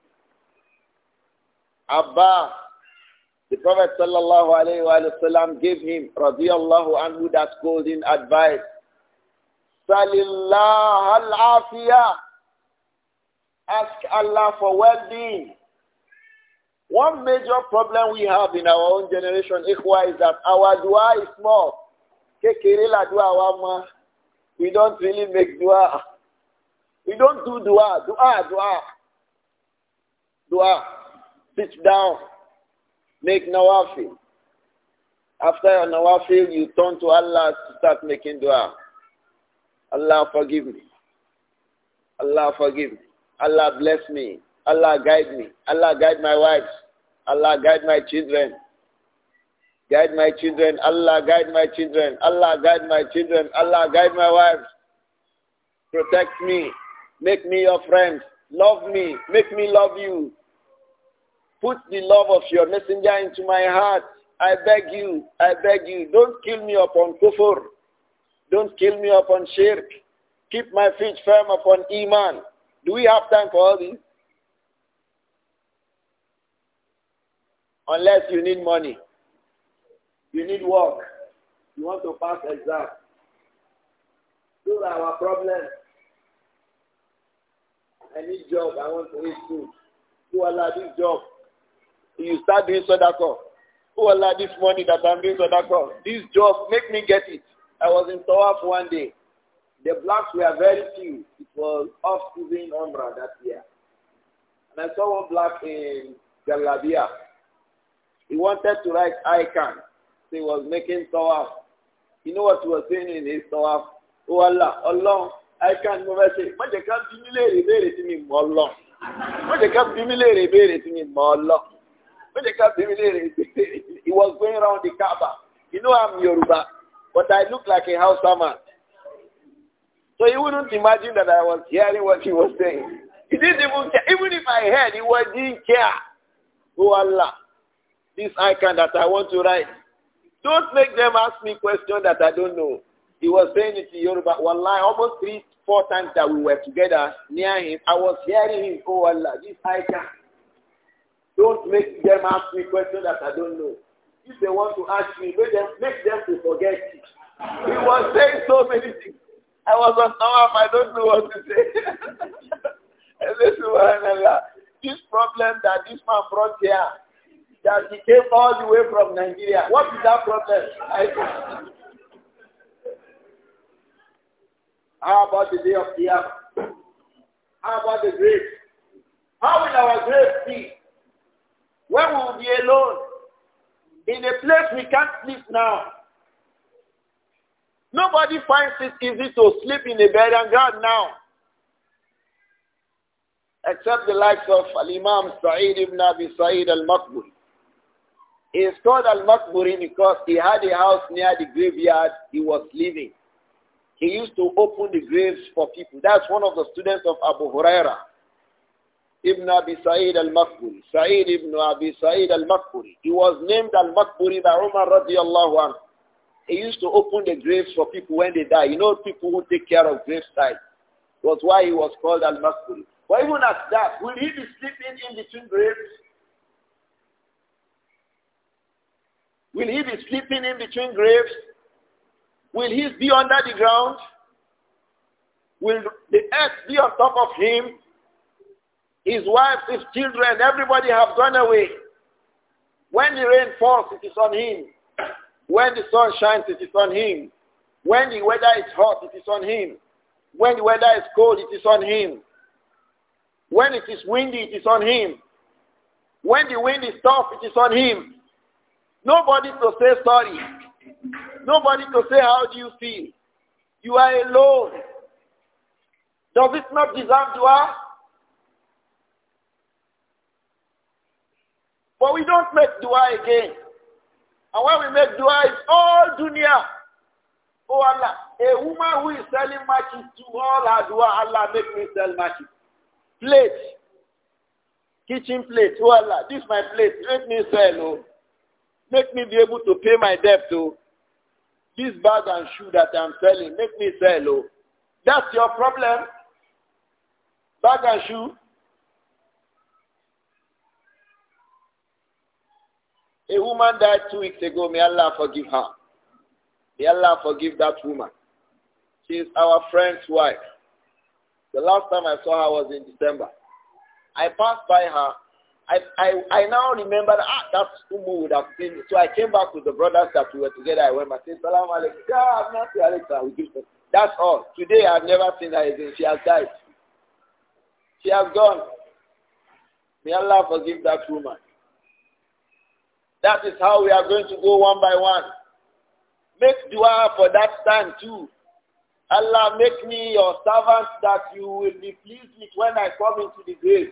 Abba, the Prophet sallallahu alayhi wa sallam gave him, radiallahu anhu, that golden advice. Salillah al-afiyah. Ask Allah for well-being. One major problem we have in our own generation, Ikhwa, is that our dua is small. We don't really make dua. We don't do dua. Dua, dua. Dua. Sit down. Make nawafil. After your nawafil, you turn to Allah to start making dua. Allah forgive me. Allah forgive me. Allah bless me. Allah guide me. Allah guide my wives. Allah guide my children. Guide my children. Allah guide my children. Allah guide my children. Allah guide my wives. Protect me. Make me your friend. Love me. Make me love you. Put the love of your messenger into my heart. I beg you, I beg you, don't kill me upon kufr. Don't kill me upon shirk. Keep my feet firm upon iman. Do we have time for all this? Unless you need money. You need work. You want to pass exam. Those are our problems. I need job. I want to eat food. Do Allah do job you start doing sodako. Oh Allah, this money that I'm doing sodako, this job, make me get it. I was in Tawaf one day. The blacks were very few. It was off-season Umrah that year. And I saw one black in Galabia. He wanted to write icon. So he was making Tawaf. You know what he was saying in his Tawaf? Oh Allah, Allah, icon mo fẹ́ say. But they can bí mi léèrè béèrè sí mi mọ́ lọ má jẹ́ ká bí mi me. béèrè sí mi mọ́ lọ. When they kept giving it, was going around the Kaaba. You know I'm Yoruba, but I look like a house man. So you wouldn't imagine that I was hearing what he was saying. He didn't even care. Even if I heard, he was, didn't care. Oh Allah, this icon that I want to write. Don't make them ask me questions that I don't know. He was saying it in Yoruba. Wallahi, almost three, four times that we were together near him, I was hearing him, oh Allah, this icon. Don't make them ask me questions that I don't know. If they want to ask me, make them, make them to forget it. He was saying so many things. I was on off. I don't know what to say. and this, this problem that this man brought here, that he came all the way from Nigeria. What is that problem? I How about the day of Qiyamah? How about the grave? How will our grave be? Where we will be alone, in a place we can't sleep now. Nobody finds it easy to sleep in a bed and ground now. Except the likes of imam Sa'id ibn Abi Sa'id al Makbul. He is called Al-Maqburi because he had a house near the graveyard he was living. He used to open the graves for people. That's one of the students of Abu Huraira. Ibn Abi Sa'id al-Makburi, Sa'id ibn Abi Sa'id al-Makburi. He was named al-Makburi by Umar radiallahu anhu. He used to open the graves for people when they die. You know people who take care of gravesites. That's why he was called al-Makburi. But even at that, will he be sleeping in between graves? Will he be sleeping in between graves? Will he be under the ground? Will the earth be on top of him? His wife, his children, everybody have gone away. When the rain falls, it is on him. When the sun shines, it is on him. When the weather is hot, it is on him. When the weather is cold, it is on him. When it is windy, it is on him. When the wind is tough, it is on him. Nobody to say sorry. Nobody to say how do you feel. You are alone. Does it not deserve dua? But we don't make dua again. And when we make dua, it's all dunya. Oh Allah, a woman who is selling matches to all her dua, Allah make me sell matches. Plate, kitchen plate, oh Allah, this is my plate, make me sell, oh. Make me be able to pay my debt, oh. This bag and shoe that I'm selling, make me sell, oh. That's your problem. Bag and shoe, A woman died two weeks ago. May Allah forgive her. May Allah forgive that woman. She is our friend's wife. The last time I saw her was in December. I passed by her. I, I, I now remember ah, that Umu would have been. So I came back with the brothers that we were together. I went and said, Salam alaikum. That's all. Today I've never seen her again. She has died. She has gone. May Allah forgive that woman. That is how we are going to go one by one. Make dua for that time too. Allah, make me your servant that you will be pleased with when I come into the grave.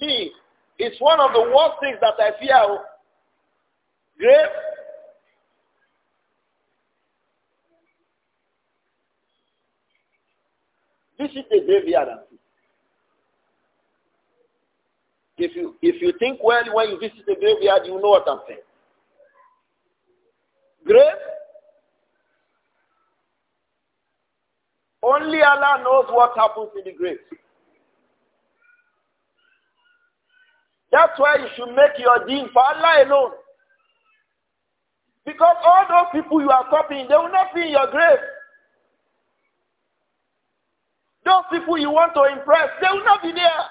Me, it's one of the worst things that I fear. Oh. Grave. This is the graveyard. If you, if you think well when you visit the graveyard, you know what I'm saying. Grave? Only Allah knows what happens in the grave. That's why you should make your deen for Allah alone. Because all those people you are copying, they will not be in your grave. Those people you want to impress, they will not be there.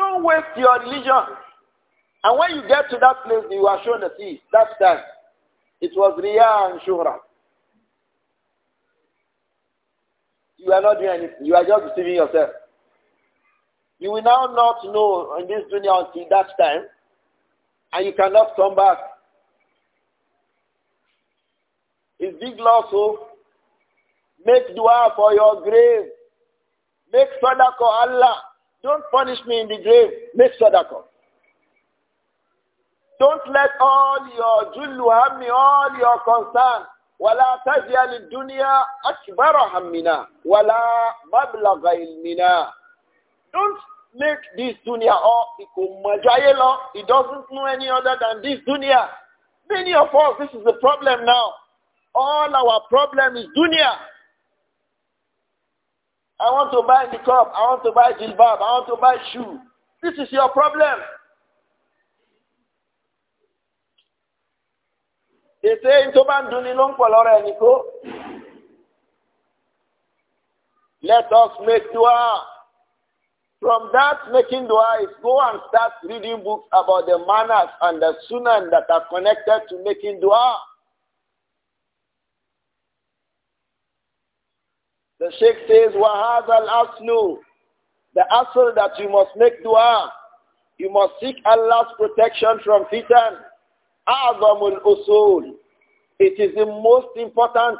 Don't waste your religion. And when you get to that place, you are shown the sea. That's that. It was Riyah and Shura. You are not doing anything. You are just deceiving yourself. You will now not know in this dunya until that time. And you cannot come back. It's big loss, so oh. make dua for your grave. Make sadaqah Allah. Don't punish me in the grave. Make sadaqah. Don't let all your jullu hammi, all your concern, ولا تجعل الدنيا أكبر همنا ولا مبلغ علمنا. Don't make this dunya or oh, ikumajaye It doesn't know any other than this dunya. Many of us, this is the problem now. All our problem is dunya. I want to buy the cup. I want to buy jilbab. I want to buy shoe. This is your problem. They say in ń dunni ló ń pọ̀ lọ́rọ̀ ẹni Let us make dua. From that making dua is go and start reading books about the manners and the sunnah that are connected to making dua. The Sheikh says, وَهَذَا asnu The asr that you must make dua. You must seek Allah's protection from fitan. أَعْظَمُ الْأُصُولِ It is the most important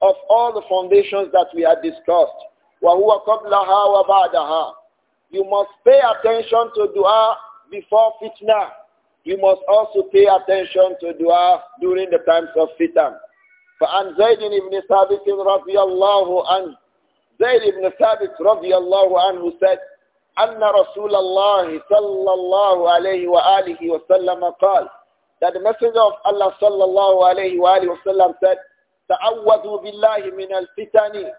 of all the foundations that we had discussed. وَهُوَ wa badaha. You must pay attention to dua before fitna. You must also pay attention to dua during the times of fitan. فعن زيد بن ثابت رضي الله عنه زيد بن ثابت رضي الله عنه said أن رسول الله صلى الله عليه وآله وسلم قال that the messenger of Allah صلى الله عليه وآله وسلم said تعوذوا بالله من الفتن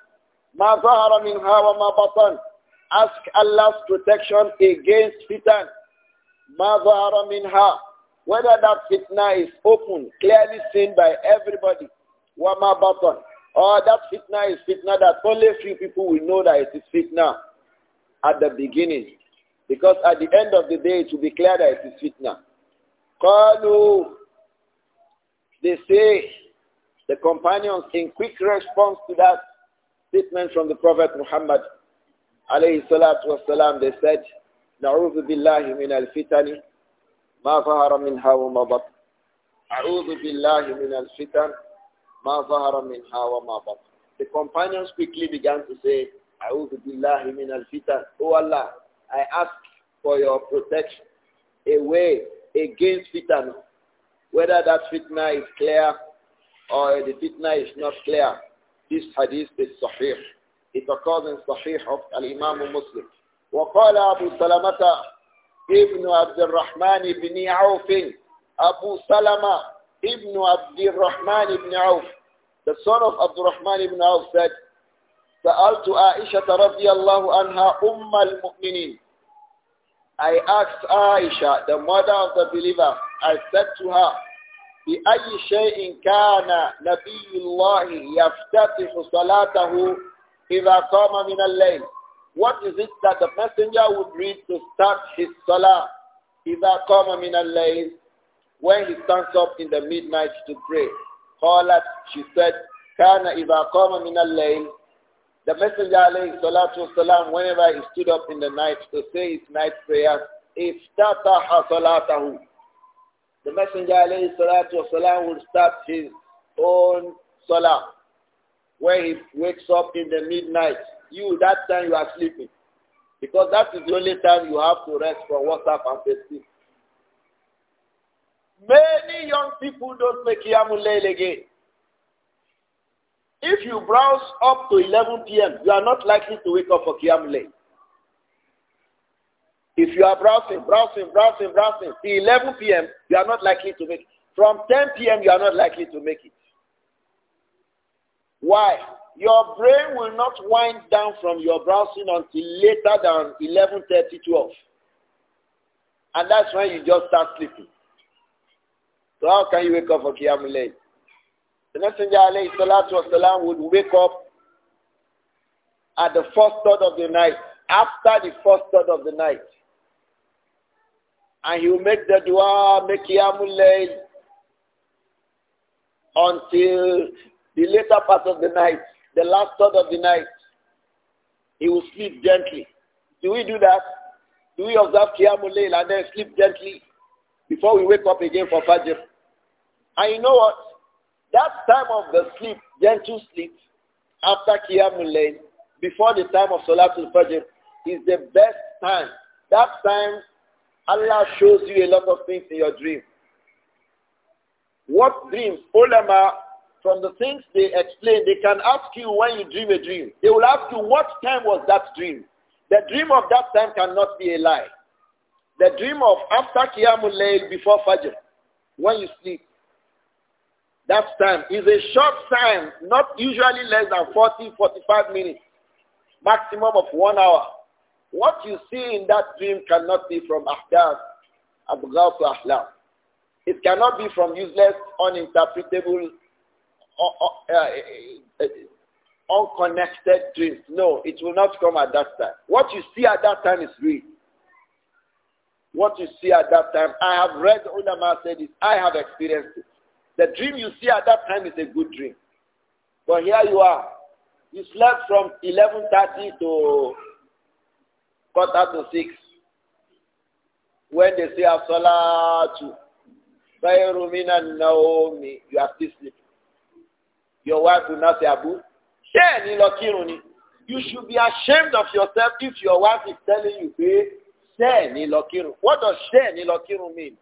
ما ظهر منها وما بطن ask Allah's protection against fitan ما ظهر منها whether that fitna is open clearly seen by everybody Wama Batan. Oh, that fitna is fitna that only few people will know that it is fitna at the beginning. Because at the end of the day, it will be clear that it is fitna. Qalu, they say, the companions in quick response to that statement from the Prophet Muhammad, alayhi salatu wasalam, they said, al بالله من الفتن ما ظهر منها وما بطن أعوذ بالله من الفتن the companions quickly began to say, A'udhu billahi min al-fitan. Oh Allah, I ask for your protection away against fitan. Whether that fitna is clear or the fitna is not clear, this hadith is sahih. It occurs in sahih of al-Imam Muslim. وقال أبو سلمة ابن عبد الرحمن بن عوف أبو سلمة ابن عبد الرحمن بن عوف the son of Abdurrahman ibn Auf said, سألت عائشة رضي anha عنها أم المؤمنين I asked Aisha, the mother of the believer, I said to her, بأي شيء كان نبي الله يفتتح صلاته إذا قام من الليل What is it that the messenger would read to start his salah إذا قام من الليل when he stands up in the midnight to pray قالت she said كان إذا قام من الليل the messenger of Allah wasalam whenever he stood up in the night to say his night prayers افتتح صلاته the messenger alayhi salatu wasalam would start his own salah where he wakes up in the midnight you that time you are sleeping because that is the only time you have to rest from WhatsApp and Facebook Many young people don't make Yamulel again. If you browse up to 11 p.m., you are not likely to wake up for Qiyamulay. If you are browsing, browsing, browsing, browsing, till 11 p.m., you are not likely to make it. From 10 p.m., you are not likely to make it. Why? Your brain will not wind down from your browsing until later than 11.30, 12. And that's when you just start sleeping. So how can you wake up for Qiyam late? The Messenger of salatu wasalam would wake up at the first third of the night, after the first third of the night. And he will make the dua, make Qiyam late until the later part of the night, the last third of the night. He will sleep gently. Do we do that? Do we observe Qiyamul Layl and then sleep gently? before we wake up again for Fajr. And you know what? That time of the sleep, gentle sleep, after Qiyamul Layl, before the time of Salatul Fajr, is the best time. That time, Allah shows you a lot of things in your dream. What dreams? Ulama, from the things they explain, they can ask you when you dream a dream. They will ask you what time was that dream. The dream of that time cannot be a lie. The dream of after Qiyamul Layl before Fajr, when you sleep, that time is a short time, not usually less than 40, 45 minutes, maximum of one hour. What you see in that dream cannot be from Ahdath, Abghaf to Ahlam. It cannot be from useless, uninterpretable, uh, uh, uh, unconnected dreams. No, it will not come at that time. What you see at that time is real. What you see at that time, I have read ulama said this, I have experienced it. The dream you see at that time is a good dream. But here you are. You slept from 11.30 to quarter to 6. When they say, As-salatu, Naomi, you are still sleeping. Your wife will not say, Abu, You should be ashamed of yourself if your wife is telling you, hey, share ni what does Shen ni mean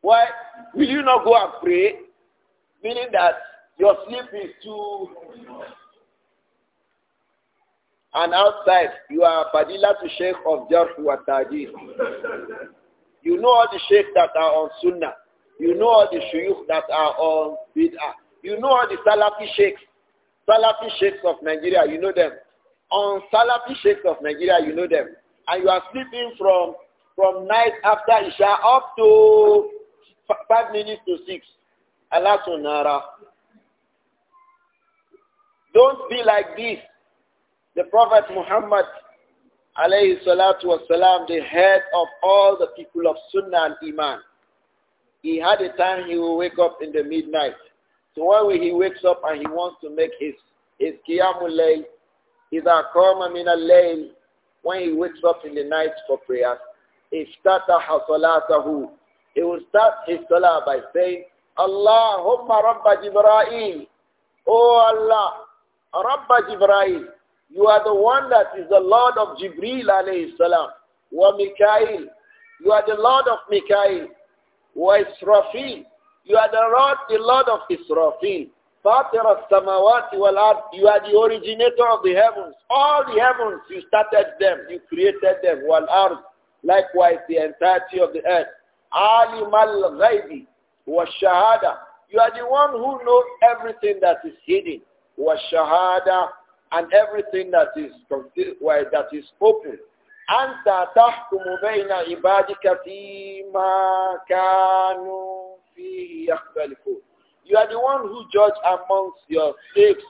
why will you not go and pray meaning that your sleep is too and outside you are padilla to sheikh of jarh wa you know all the sheikh that are on sunnah you know all the shuyukh that are on bid'ah you know all the salafi sheikhs salafi sheikhs of nigeria you know them on Salafi sheikhs of Nigeria, you know them. And you are sleeping from, from night after Isha up to five minutes to six. Allah Sunara. Don't be like this. The Prophet Muhammad alayhi salatu wasalam, the head of all the people of Sunnah and Iman. He had a time he will wake up in the midnight. So when he wakes up and he wants to make his, his Qiyamul إذا قام من الليل when he wakes up in the night for prayer افتتح صلاته he will start his salah by saying اللهم رب جبرائيل Oh Allah رب جبرائيل you are the one that is the Lord of Jibril alayhi salam wa Mikail you are the Lord of Mikail wa Israfil you are the Lord, the Lord of Israfil فَاطِرَ السَّمَوَاتِ وَالْأَرْضِ You are the originator of the heavens. All the heavens, you started them. You created them. وَالْأَرْضِ Likewise, the entirety of the earth. عَالِمَ الْغَيْبِ وَالشَّهَادَةِ You are the one who knows everything that is hidden. وَالشَّهَادَةِ And everything that is, that is open. أنت تحكم بين عبادك فيما كانوا فيه يختلفون you are the one who judge amongst your slaves,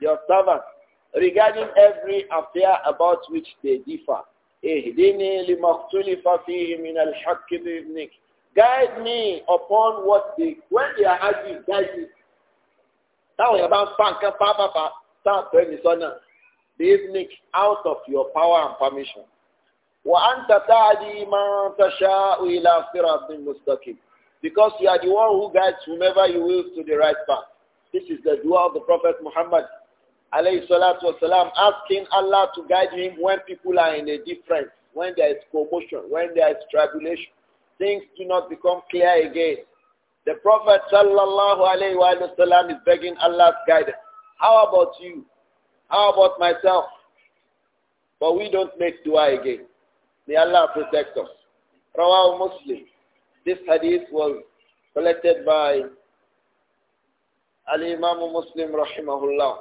your servants, regarding every affair about which they differ. Guide me upon what they, when they are arguing, guide me. about yàrá bá ń fa nǹkan pápápá sáà out of your power and permission. وأنت تعدي تشاء إلى صراط مستقيم because you are the one who guides whomever you will to the right path. This is the dua of the Prophet Muhammad alayhi salatu wasalam, asking Allah to guide him when people are in a difference, when there is commotion, when there is tribulation. Things do not become clear again. The Prophet sallallahu alayhi wasallam is begging Allah's guidance. How about you? How about myself? But we don't make dua again. May Allah protect us. Rawah Muslim. This hadith was collected by Al-Imam Muslim rahimahullah.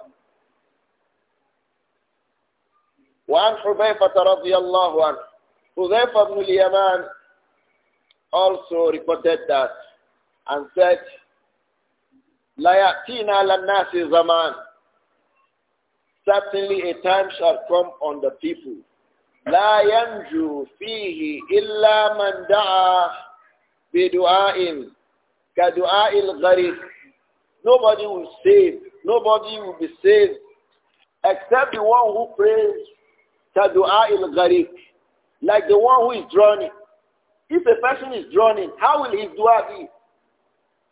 وعن حذيفة رضي الله عنه حذيفة بن اليمان also reported that and said لا يأتينا على الناس زمان certainly a time shall come on the people لا ينجو فيه إلا من دعا بِدُعَاءٍ كَدُعَاءِ الْغَرِيبِ Nobody will save. Nobody will be saved except the one who prays كَدُعَاءِ الْغَرِيبِ Like the one who is drowning. If a person is drowning, how will his dua be?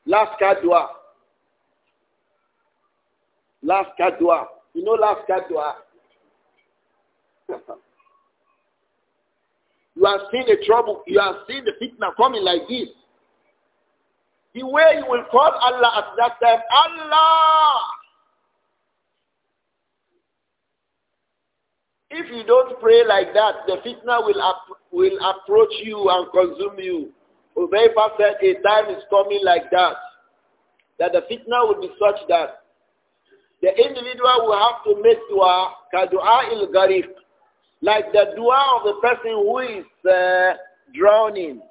Last dua. Last dua. You know last dua. You have seen the trouble. You have seen the fitna coming like this. The way you will call Allah at that time, Allah! If you don't pray like that, the fitna will, ap will approach you and consume you. Very said a time is coming like that, that the fitna will be such that the individual will have to make dua, kadu'a il garif like the dua of the person who is uh, drowning.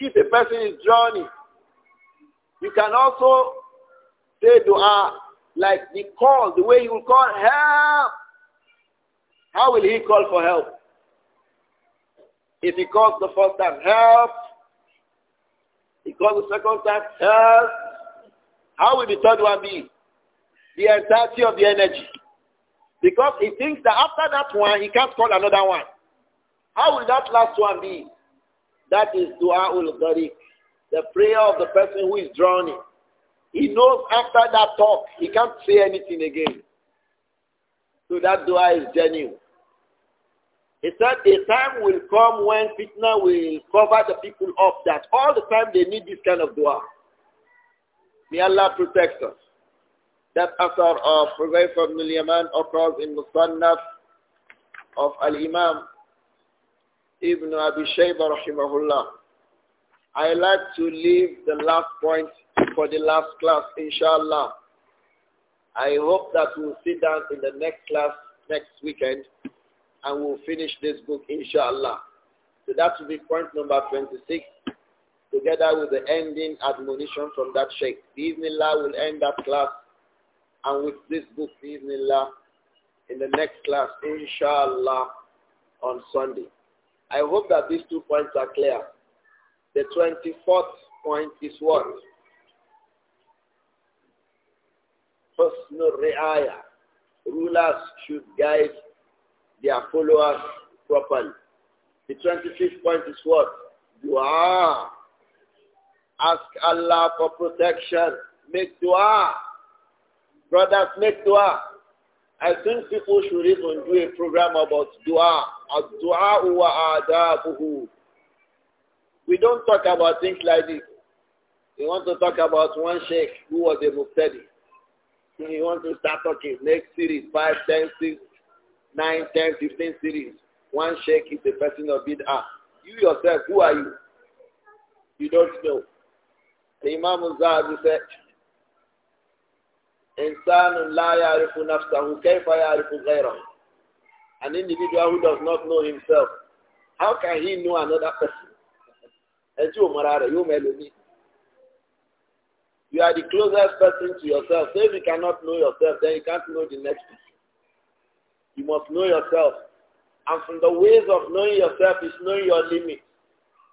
If a person is drowning, you can also say dua like the call, the way you will call help. How will he call for help? If he calls the first time, help. He calls the second time, help. How will the third one be? The entirety of the energy. Because he thinks that after that one, he can't call another one. How will that last one be? That is dua ul -tariq, the prayer of the person who is drowning. He knows after that talk, he can't say anything again. So that dua is genuine. He said a time will come when fitna will cover the people up that all the time they need this kind of dua. May Allah protect us. That author of uh, Huzaifa ibn al-Yaman occurs in Musannaf of Al-Imam Ibn Abi Shayba rahimahullah. I like to leave the last point for the last class, inshallah. I hope that we'll sit down in the next class next weekend and we'll finish this book, inshallah. So that will be point number 26, together with the ending admonition from that sheikh. Bismillah will end that class and with this book, Bismillah, in the next class, inshallah, on Sunday. I hope that these two points are clear. The 24th point is what? no Ri'aya. Rulers should guide their followers properly. The 25th point is what? Dua. Ask Allah for protection. Make dua. Brothers, make dua. I think people should even do a program about dua. Ad-dua wa adabuhu. We don't talk about things like this. We want to talk about one sheikh who was a muftadi. We want to start talking next series, 5, 10, 6, 9, 10, 15 series. One sheikh is a person of bid'ah. You yourself, who are you? You don't know. The Imam Zahabi said, إنسان لا يعرف نفسه كيف يعرف غيره An individual who does not know himself, how can he know another person? And you, rẹ̀ you mẹ́lò You are the closest person to yourself. So if you cannot know yourself, then you can't know the next person. You must know yourself. And from the ways of knowing yourself is knowing your limits,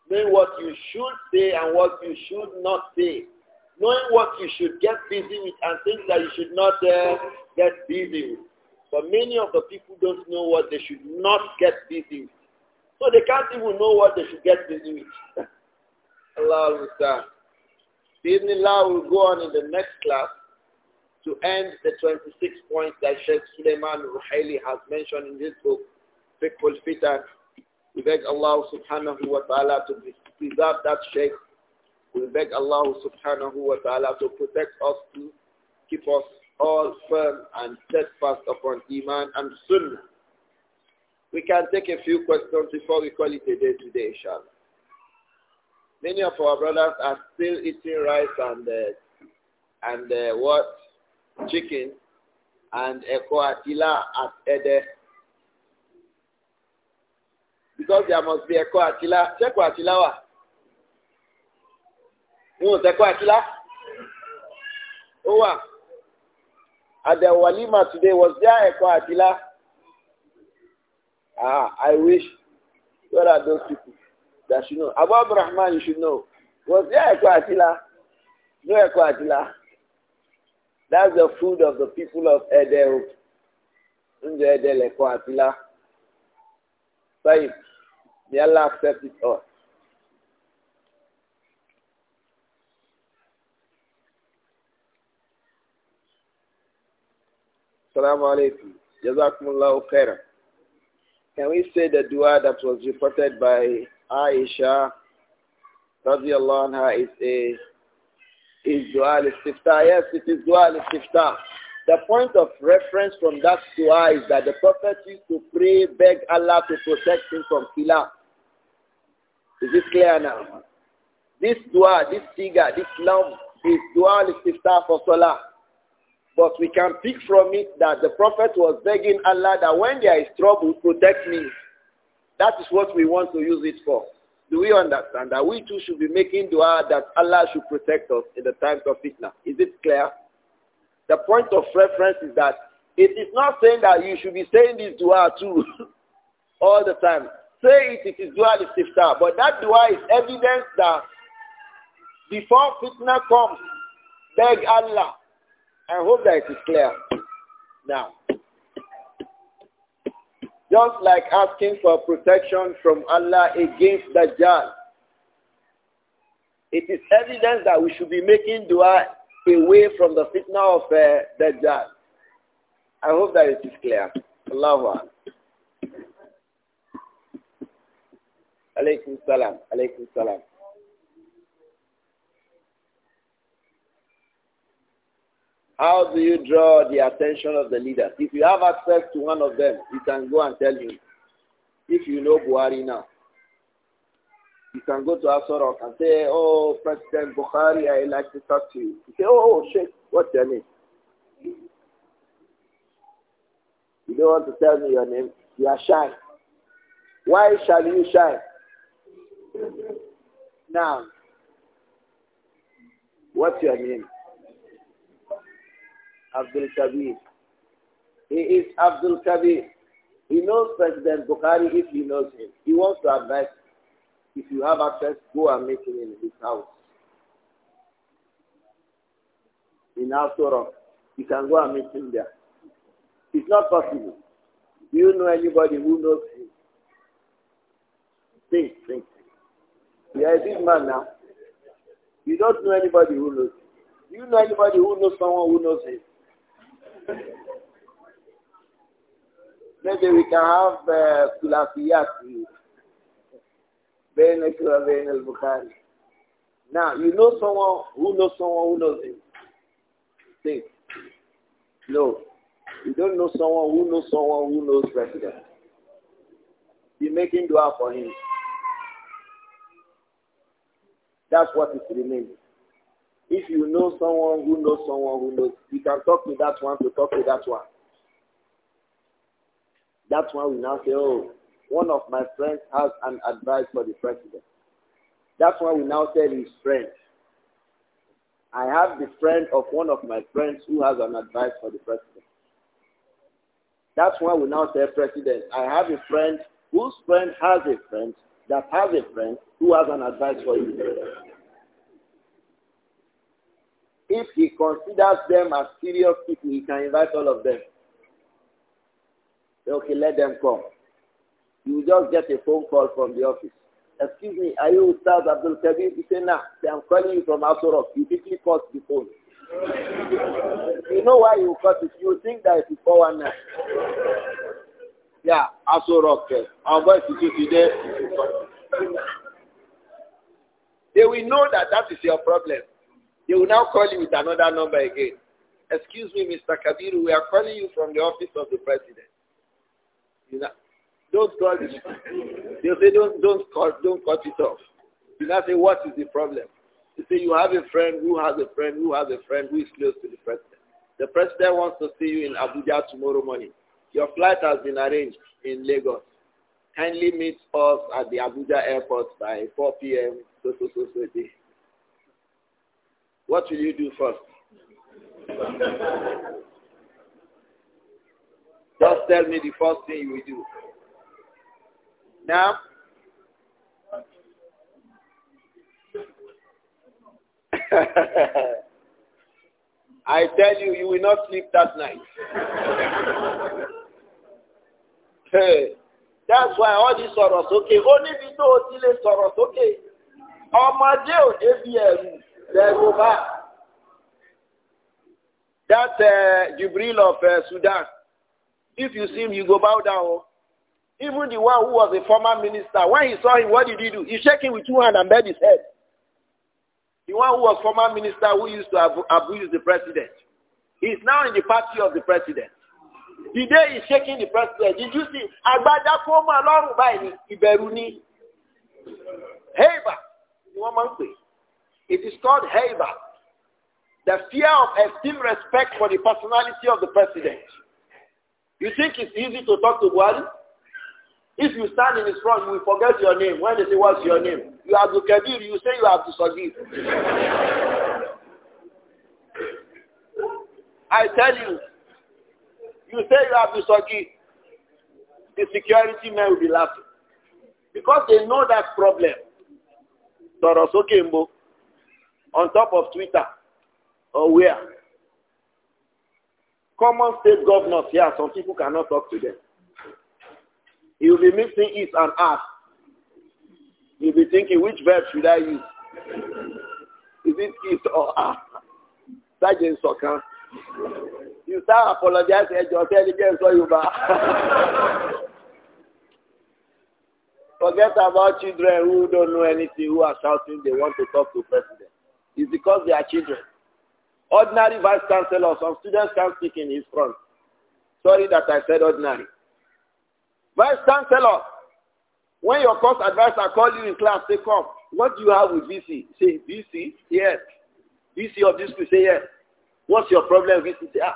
knowing what you should say and what you should not say knowing what you should get busy with and things that you should not uh, get busy with. But many of the people don't know what they should not get busy with. So they can't even know what they should get busy with. Allah understand. Bismillah will go on in the next class to end the 26 points that Sheikh Suleiman Ruhaili has mentioned in his book, Fiqhul Fitan. We beg Allah subhanahu wa ta'ala to preserve that Sheikh we beg Allah subhanahu wa ta'ala to protect us to keep us all firm and steadfast upon Iman and Sunnah. We can take a few questions before we call it a day today, inshallah. Many of our brothers are still eating rice and uh, and uh, what chicken and ekoatila at Ede. Because there must be ekoatila. Check what atila wọn ò sẹ́kọ̀ àkílá ó wà at walima today was there ẹ̀kọ́ àkílá ah I wish where are those people that should know Abu Abdulrahman you should know was there ẹ̀kọ́ àkílá no ẹ̀kọ́ àkílá that's the food of the people of Ede o May Allah accept it all. Assalamu alaikum. Jazakumullahu khairan. Can we say the dua that was reported by Aisha radiallahu anha is a is dua al Yes, it is dua al The point of reference from that dua is that the Prophet used to pray, beg Allah to protect him from killer. Is it clear now? This dua, this figure, this love is dua al-istiftah for salah. But we can pick from it that the prophet was begging Allah that when there is trouble, protect me. That is what we want to use it for. Do we understand that we too should be making dua that Allah should protect us in the times of fitna? Is it clear? The point of reference is that it is not saying that you should be saying this dua too all the time. Say it, it is dua al-istifta. But that dua is evidence that before fitna comes, beg Allah I hope that it is clear now. Just like asking for protection from Allah against Dajjal. It is evidence that we should be making dua away from the fitna of uh, Dajjal. I hope that it is clear. Allahu Alaykum salam. Alaykum salam. How do you draw the attention of the leaders? If you have access to one of them, you can go and tell him. If you know Buhari now, you can go to Asorok and say, oh, President Buhari, I'd like to talk to you. You say, oh, Sheikh, what's your name? You don't want to tell me your name. You are shy. Why shall you shy? Now, what's your name? Abdul Kabir. He is Abdul Kabir. He knows President Bukhari if he knows him. He wants to advise. If you have access, go and meet him in his house. In al You can go and meet him there. It's not possible. Do you know anybody who knows him? Think, think. You are a big man now. You don't know anybody who knows him. Do you know anybody who knows someone who knows him? Maybe we can have uh, Kulafiyat Bain Akira Bain al Bukhari. Now, you know someone who knows someone who knows him. Think. No. You don't know someone who knows someone who knows president. Be making dua for him. That's what is remaining. If you know someone who knows someone who knows, you can talk to that one to talk to that one. That one will now say, oh, one of my friends has an advice for the president. That's why we now tell his friend. I have the friend of one of my friends who has an advice for the president. That's why we now tell president, I have a friend whose friend has a friend that has a friend who has an advice for you. If he considers them as serious people, he can invite all of them. Okay, let them come. You just get a phone call from the office. Excuse me, are you Ustaz Abdul Kabir? He said, nah, I'm calling you from Asorok. You quickly cut the phone. you know why you cut it? You think that it's 419. Yeah, Asorok. Eh. Our voice is today. They will know that that is your problem. They will now call you with another number again. Excuse me, Mr. Kabiru, we are calling you from the office of the president. You know, don't call it. They'll say, don't, don't, call, don't cut it off. You now say, what is the problem? You say, you have a friend who has a friend who has a friend who is close to the president. The president wants to see you in Abuja tomorrow morning. Your flight has been arranged in Lagos. Kindly meet us at the Abuja airport by 4 p.m. So, so, so, so, day. What will you do first? Just tell me the first thing you will do. Now, I tell you, you will not sleep that night. that's why all these sọ̀rọ̀ Okay, only níbi tó o ti lè sọ̀rọ̀ sókè. Ọmọdé ò débi ẹ̀rù. They go back. That uh, Jibril of uh, Sudan, if you see him, you go bow down. Oh. Even the one who was a former minister, when he saw him, what did he do? He shook him with two hands and bent his head. The one who was former minister who used to ab abuse the president. He's now in the party of the president. The day he's shaking the president, did you see? Agbada Koma Lorun by Iberuni. heba, ba. You want it is called haiba. The fear of esteem respect for the personality of the president. You think it's easy to talk to Buhari? If you stand in his front, you will forget your name. When they say, what's your name? You have to Kabir, you say you have to Sagir. I tell you, you say you have to Sagir, the security men will be laughing. Because they know that problem. Sọ̀rọ̀ on top of Twitter. Or where? Common state governors here, some people cannot talk to them. You'll be mixing it and ask. You'll be thinking, which verb should I use? Is it it or us? Sergeant Sokan. You start apologizing at your intelligence or you Forget about children who don't know anything, who are shouting, they want to talk to president is because they are children. Ordinary vice chancellor, some students can speak in his front. Sorry that I said ordinary. Vice chancellor, when your course advisor calls you in class, say come. What do you have with VC? Say VC, yes. VC of this school, say yes. What's your problem, VC? Say ah,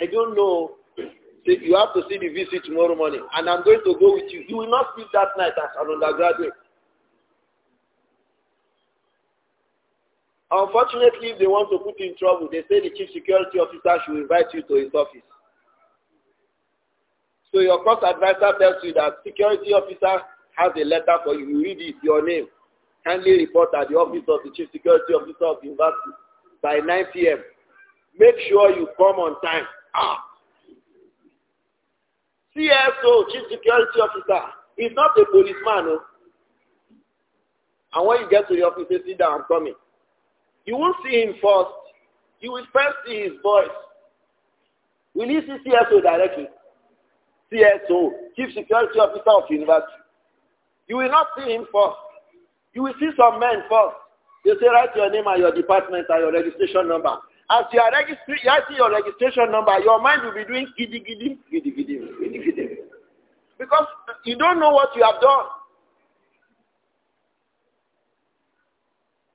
I don't know. Say you have to see the VC tomorrow morning, and I'm going to go with you. You will not sleep that night as an undergraduate. Unfortunately, if they want to put you in trouble, they say the chief security officer should invite you to his office. So your cross advisor tells you that security officer has a letter for you. You read it, your name. Kindly report at the office of the chief security officer of the university by 9 p.m. Make sure you come on time. Ah. CSO, chief security officer, is not a policeman. No? Oh. And when you get to the office, they sit down, I'm coming. You won't see him first. You will first see his voice. Will need see CSO directly? CSO, Chief Security Officer of University. You will not see him first. You will see some men first. They say, write your name and your department and your registration number. As you are registering, you see your registration number, your mind will be doing giddy, giddy, giddy, giddy, giddy, giddy. Because you don't know what you have done.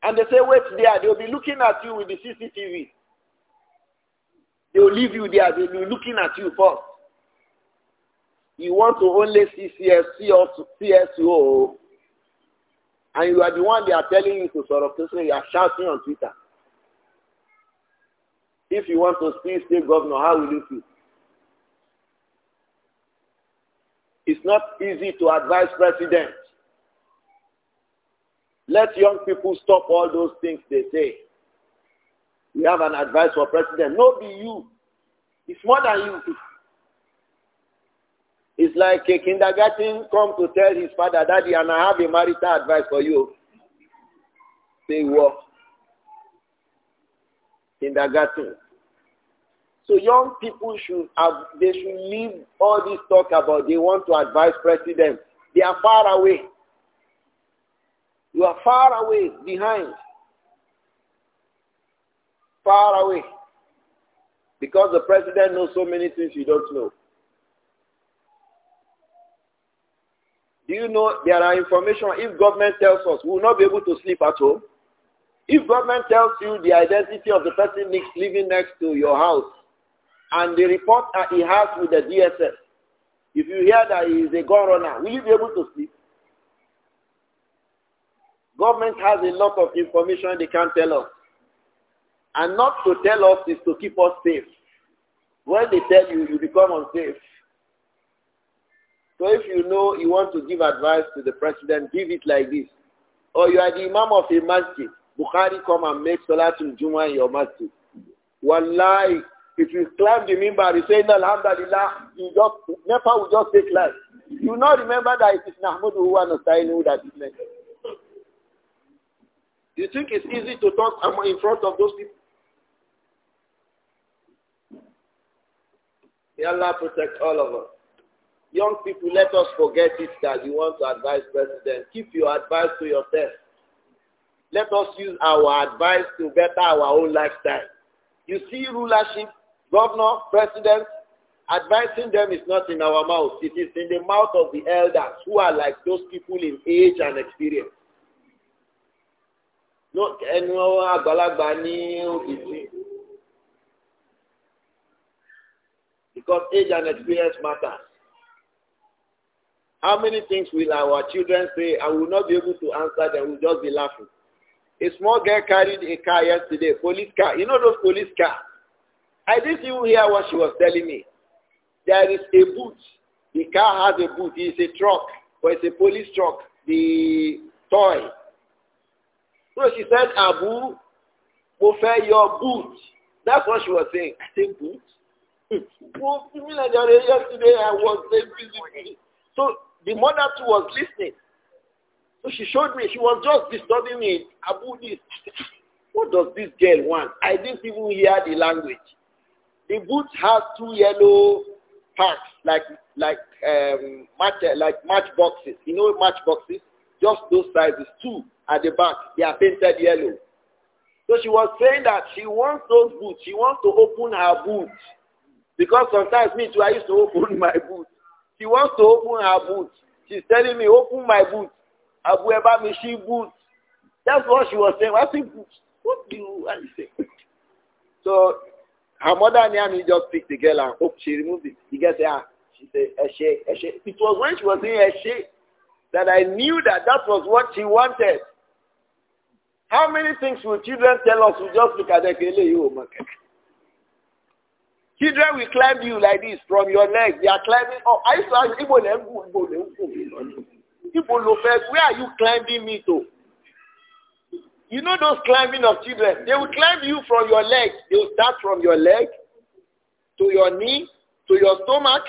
And they say, wait there. They'll be looking at you with the CCTV. They'll leave you there. They'll be looking at you first. You want to only see CSC or CSO. And you are the one they are telling you to sort of say you are shouting on Twitter. If you want to see state governor, how will you feel? It's not easy to advise president. Let young people stop all those things they say. We have an advice for president. No, be you. It's more than you. It's like a kindergarten come to tell his father, Daddy, and I have a marital advice for you. Say what? Kindergarten. So young people should have, they should leave all this talk about they want to advise president. They are far away. You are far away, behind. Far away. Because the president knows so many things you don't know. Do you know there are information if government tells us we will not be able to sleep at home? If government tells you the identity of the person living next to your house and the report he has with the DSS, if you hear that he is a gun runner, will you be able to sleep? Government has a lot of information they can't tell us. And not to tell us is to keep us safe. When they tell you, you become unsafe. So if you know you want to give advice to the president, give it like this. Or you are the imam of a masjid. Bukhari come and make Salatul Juma in your masjid. Wallahi, if you climb the mimbar, you say, Alhamdulillah, you just, never will just take life. You not remember that it is Nahmud who that is mentioned. You think it's easy to talk in front of those people? May Allah protect all of us. Young people, let us forget it that you want to advise president. Keep your advice to yourself. Let us use our advice to better our own lifestyle. You see rulership, governor, president, advising them is not in our mouth. It is in the mouth of the elders who are like those people in age and experience. ẹnu àgbàlagbà ní òfìsí because age and experience matter how many things will our children say and we will not be able to answer them we will just be laughing a small girl carried a car yesterday police car you know those police car i didn't even hear what she was telling me there is a boot the car has a boot it's a truck but it's a police truck the toy So she said, Abu, mo your boot. That's what she was saying. I said, boot? Hmm. Well, yesterday I was busy. So the mother too was listening. So she showed me. She was just disturbing me. Abu, this. What does this girl want? I didn't even hear the language. The boot has two yellow parts, like like um, match like match boxes. You know match boxes? Just those sizes, two at the back. They are painted yellow. So she was saying that she wants those boots. She wants to open her boots. Because sometimes me too, I used to open my boots. She wants to open her boots. She's telling me, open my boots. Abu Eba Mishi boots. That's what she was saying. I think, what do you say? So her mother and me just picked the girl and hope she removed it. The girl said, ah, she said, Eshe, Eshe. It was when she was saying Eshe that I knew that that was what she wanted. How many things will children tell us? We just look at the Children will climb you like this from your neck. They are climbing up. I used to ask Igbo where are you climbing me to? You know those climbing of children. They will climb you from your leg. They will start from your leg to your knee, to your stomach,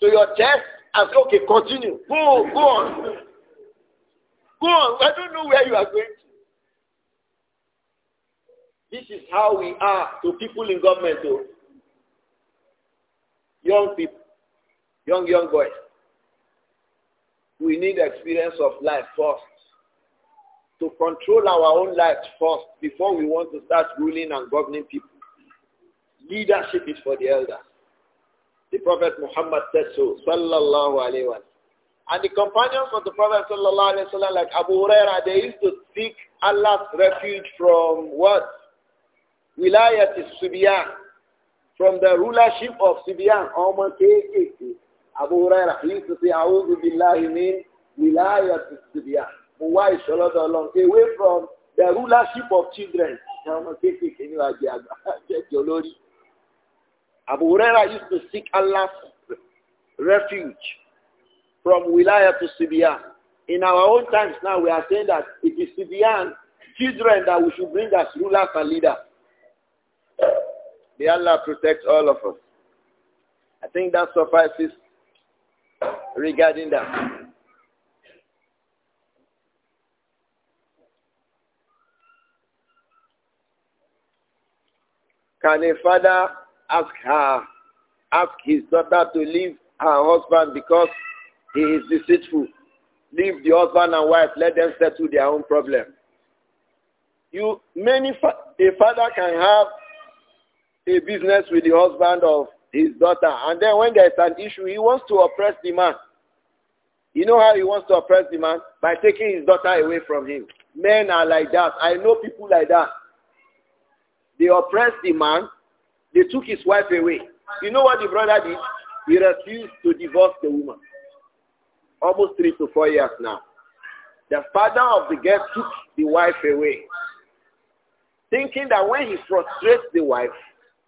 to your chest, and say, okay, continue. Go, go on. Go on. I don't know where you are going to. This is how we are to people in government, to young people, young, young boys. We need experience of life first, to control our own lives first before we want to start ruling and governing people. Leadership is for the elders. The Prophet Muhammad said so, sallallahu alayhi wa and the companions of the Prophet sallallahu alayhi wa like Abu Huraira, they used to seek Allah's refuge from what? wilayat Subiyan, from the rulership of Subiyan, Oman KKK. Abu Huraira used to say, A'udhu Billahi min wilayat Subiyan. Why shall along? Away from the rulership of children. KKK, you Abu Huraira used to seek Allah's refuge from wilayat to Sibian. In our own times now, we are saying that it is Sibian children that we should bring as rulers and leaders. May Allah protect all of us. I think that suffices regarding that. Can a father ask her, ask his daughter to leave her husband because he is deceitful? Leave the husband and wife. Let them settle their own problem. You, many, fa a father can have a business with the husband of his daughter. And then when there's an issue, he wants to oppress the man. You know how he wants to oppress the man? By taking his daughter away from him. Men are like that. I know people like that. They oppressed the man. They took his wife away. You know what the brother did? He refused to divorce the woman. Almost three to four years now. The father of the girl took the wife away, thinking that when he frustrates the wife,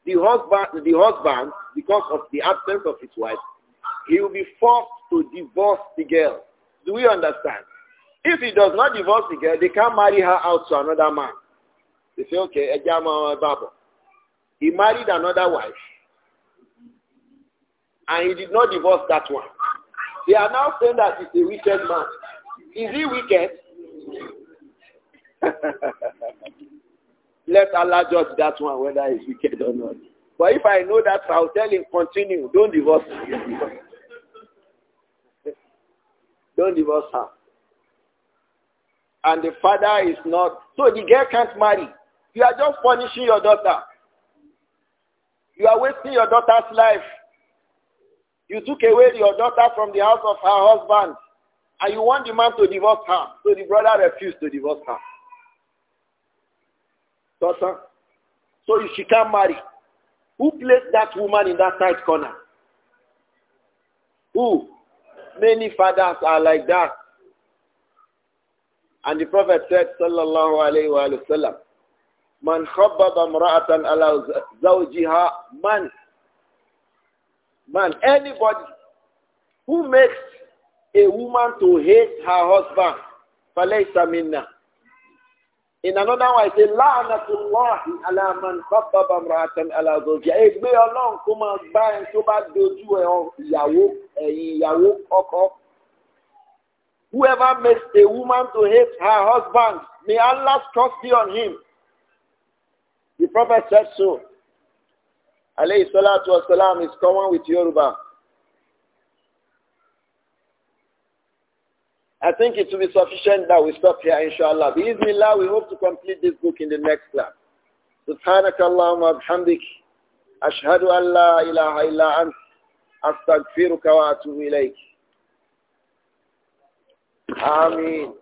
the husband, the husband, because of the absence of his wife, he will be forced to divorce the girl. Do we understand? If he does not divorce the girl, they can't marry her out to another man. They say, okay, Ejama Babo. He married another wife, and he did not divorce that one. They are now saying that he's a wicked man. Is he wicked? Let Allah judge that one whether he's wicked or not. But if I know that, I'll tell him, continue. Don't divorce her. Don't divorce her. And the father is not. So the girl can't marry. You are just punishing your daughter. You are wasting your daughter's life. You took away your daughter from the house of her husband. And you want the man to divorce her. So the brother refused to divorce her daughter. So she can't marry. Who placed that woman in that tight corner? Who? Many fathers are like that. And the Prophet said, Sallallahu Alaihi Wasallam, Man khabbaba mra'atan ala zawjiha man. Man, anybody who makes a woman to hate her husband, falaysa minna. In another way, say, La'anatullahi ala man khabbaba imra'atan ala zawjiha. Ègbé Ọlọ́run kó máa gbá ẹni tó bá dojú ẹ̀ ìyàwó ẹ̀yìn ìyàwó ọkọ. Whoever makes a woman to hate her husband, may Allah's trust be on him. The Prophet said so. Alayhi salatu wasalam is common with Yoruba. I think it will be sufficient that we stop here, inshallah. Bismillah, we hope to complete this book in the next class. سبحانك اللهم وبحمدك أشهد أن لا إله إلا أنت أستغفرك وأتوب إليك آمين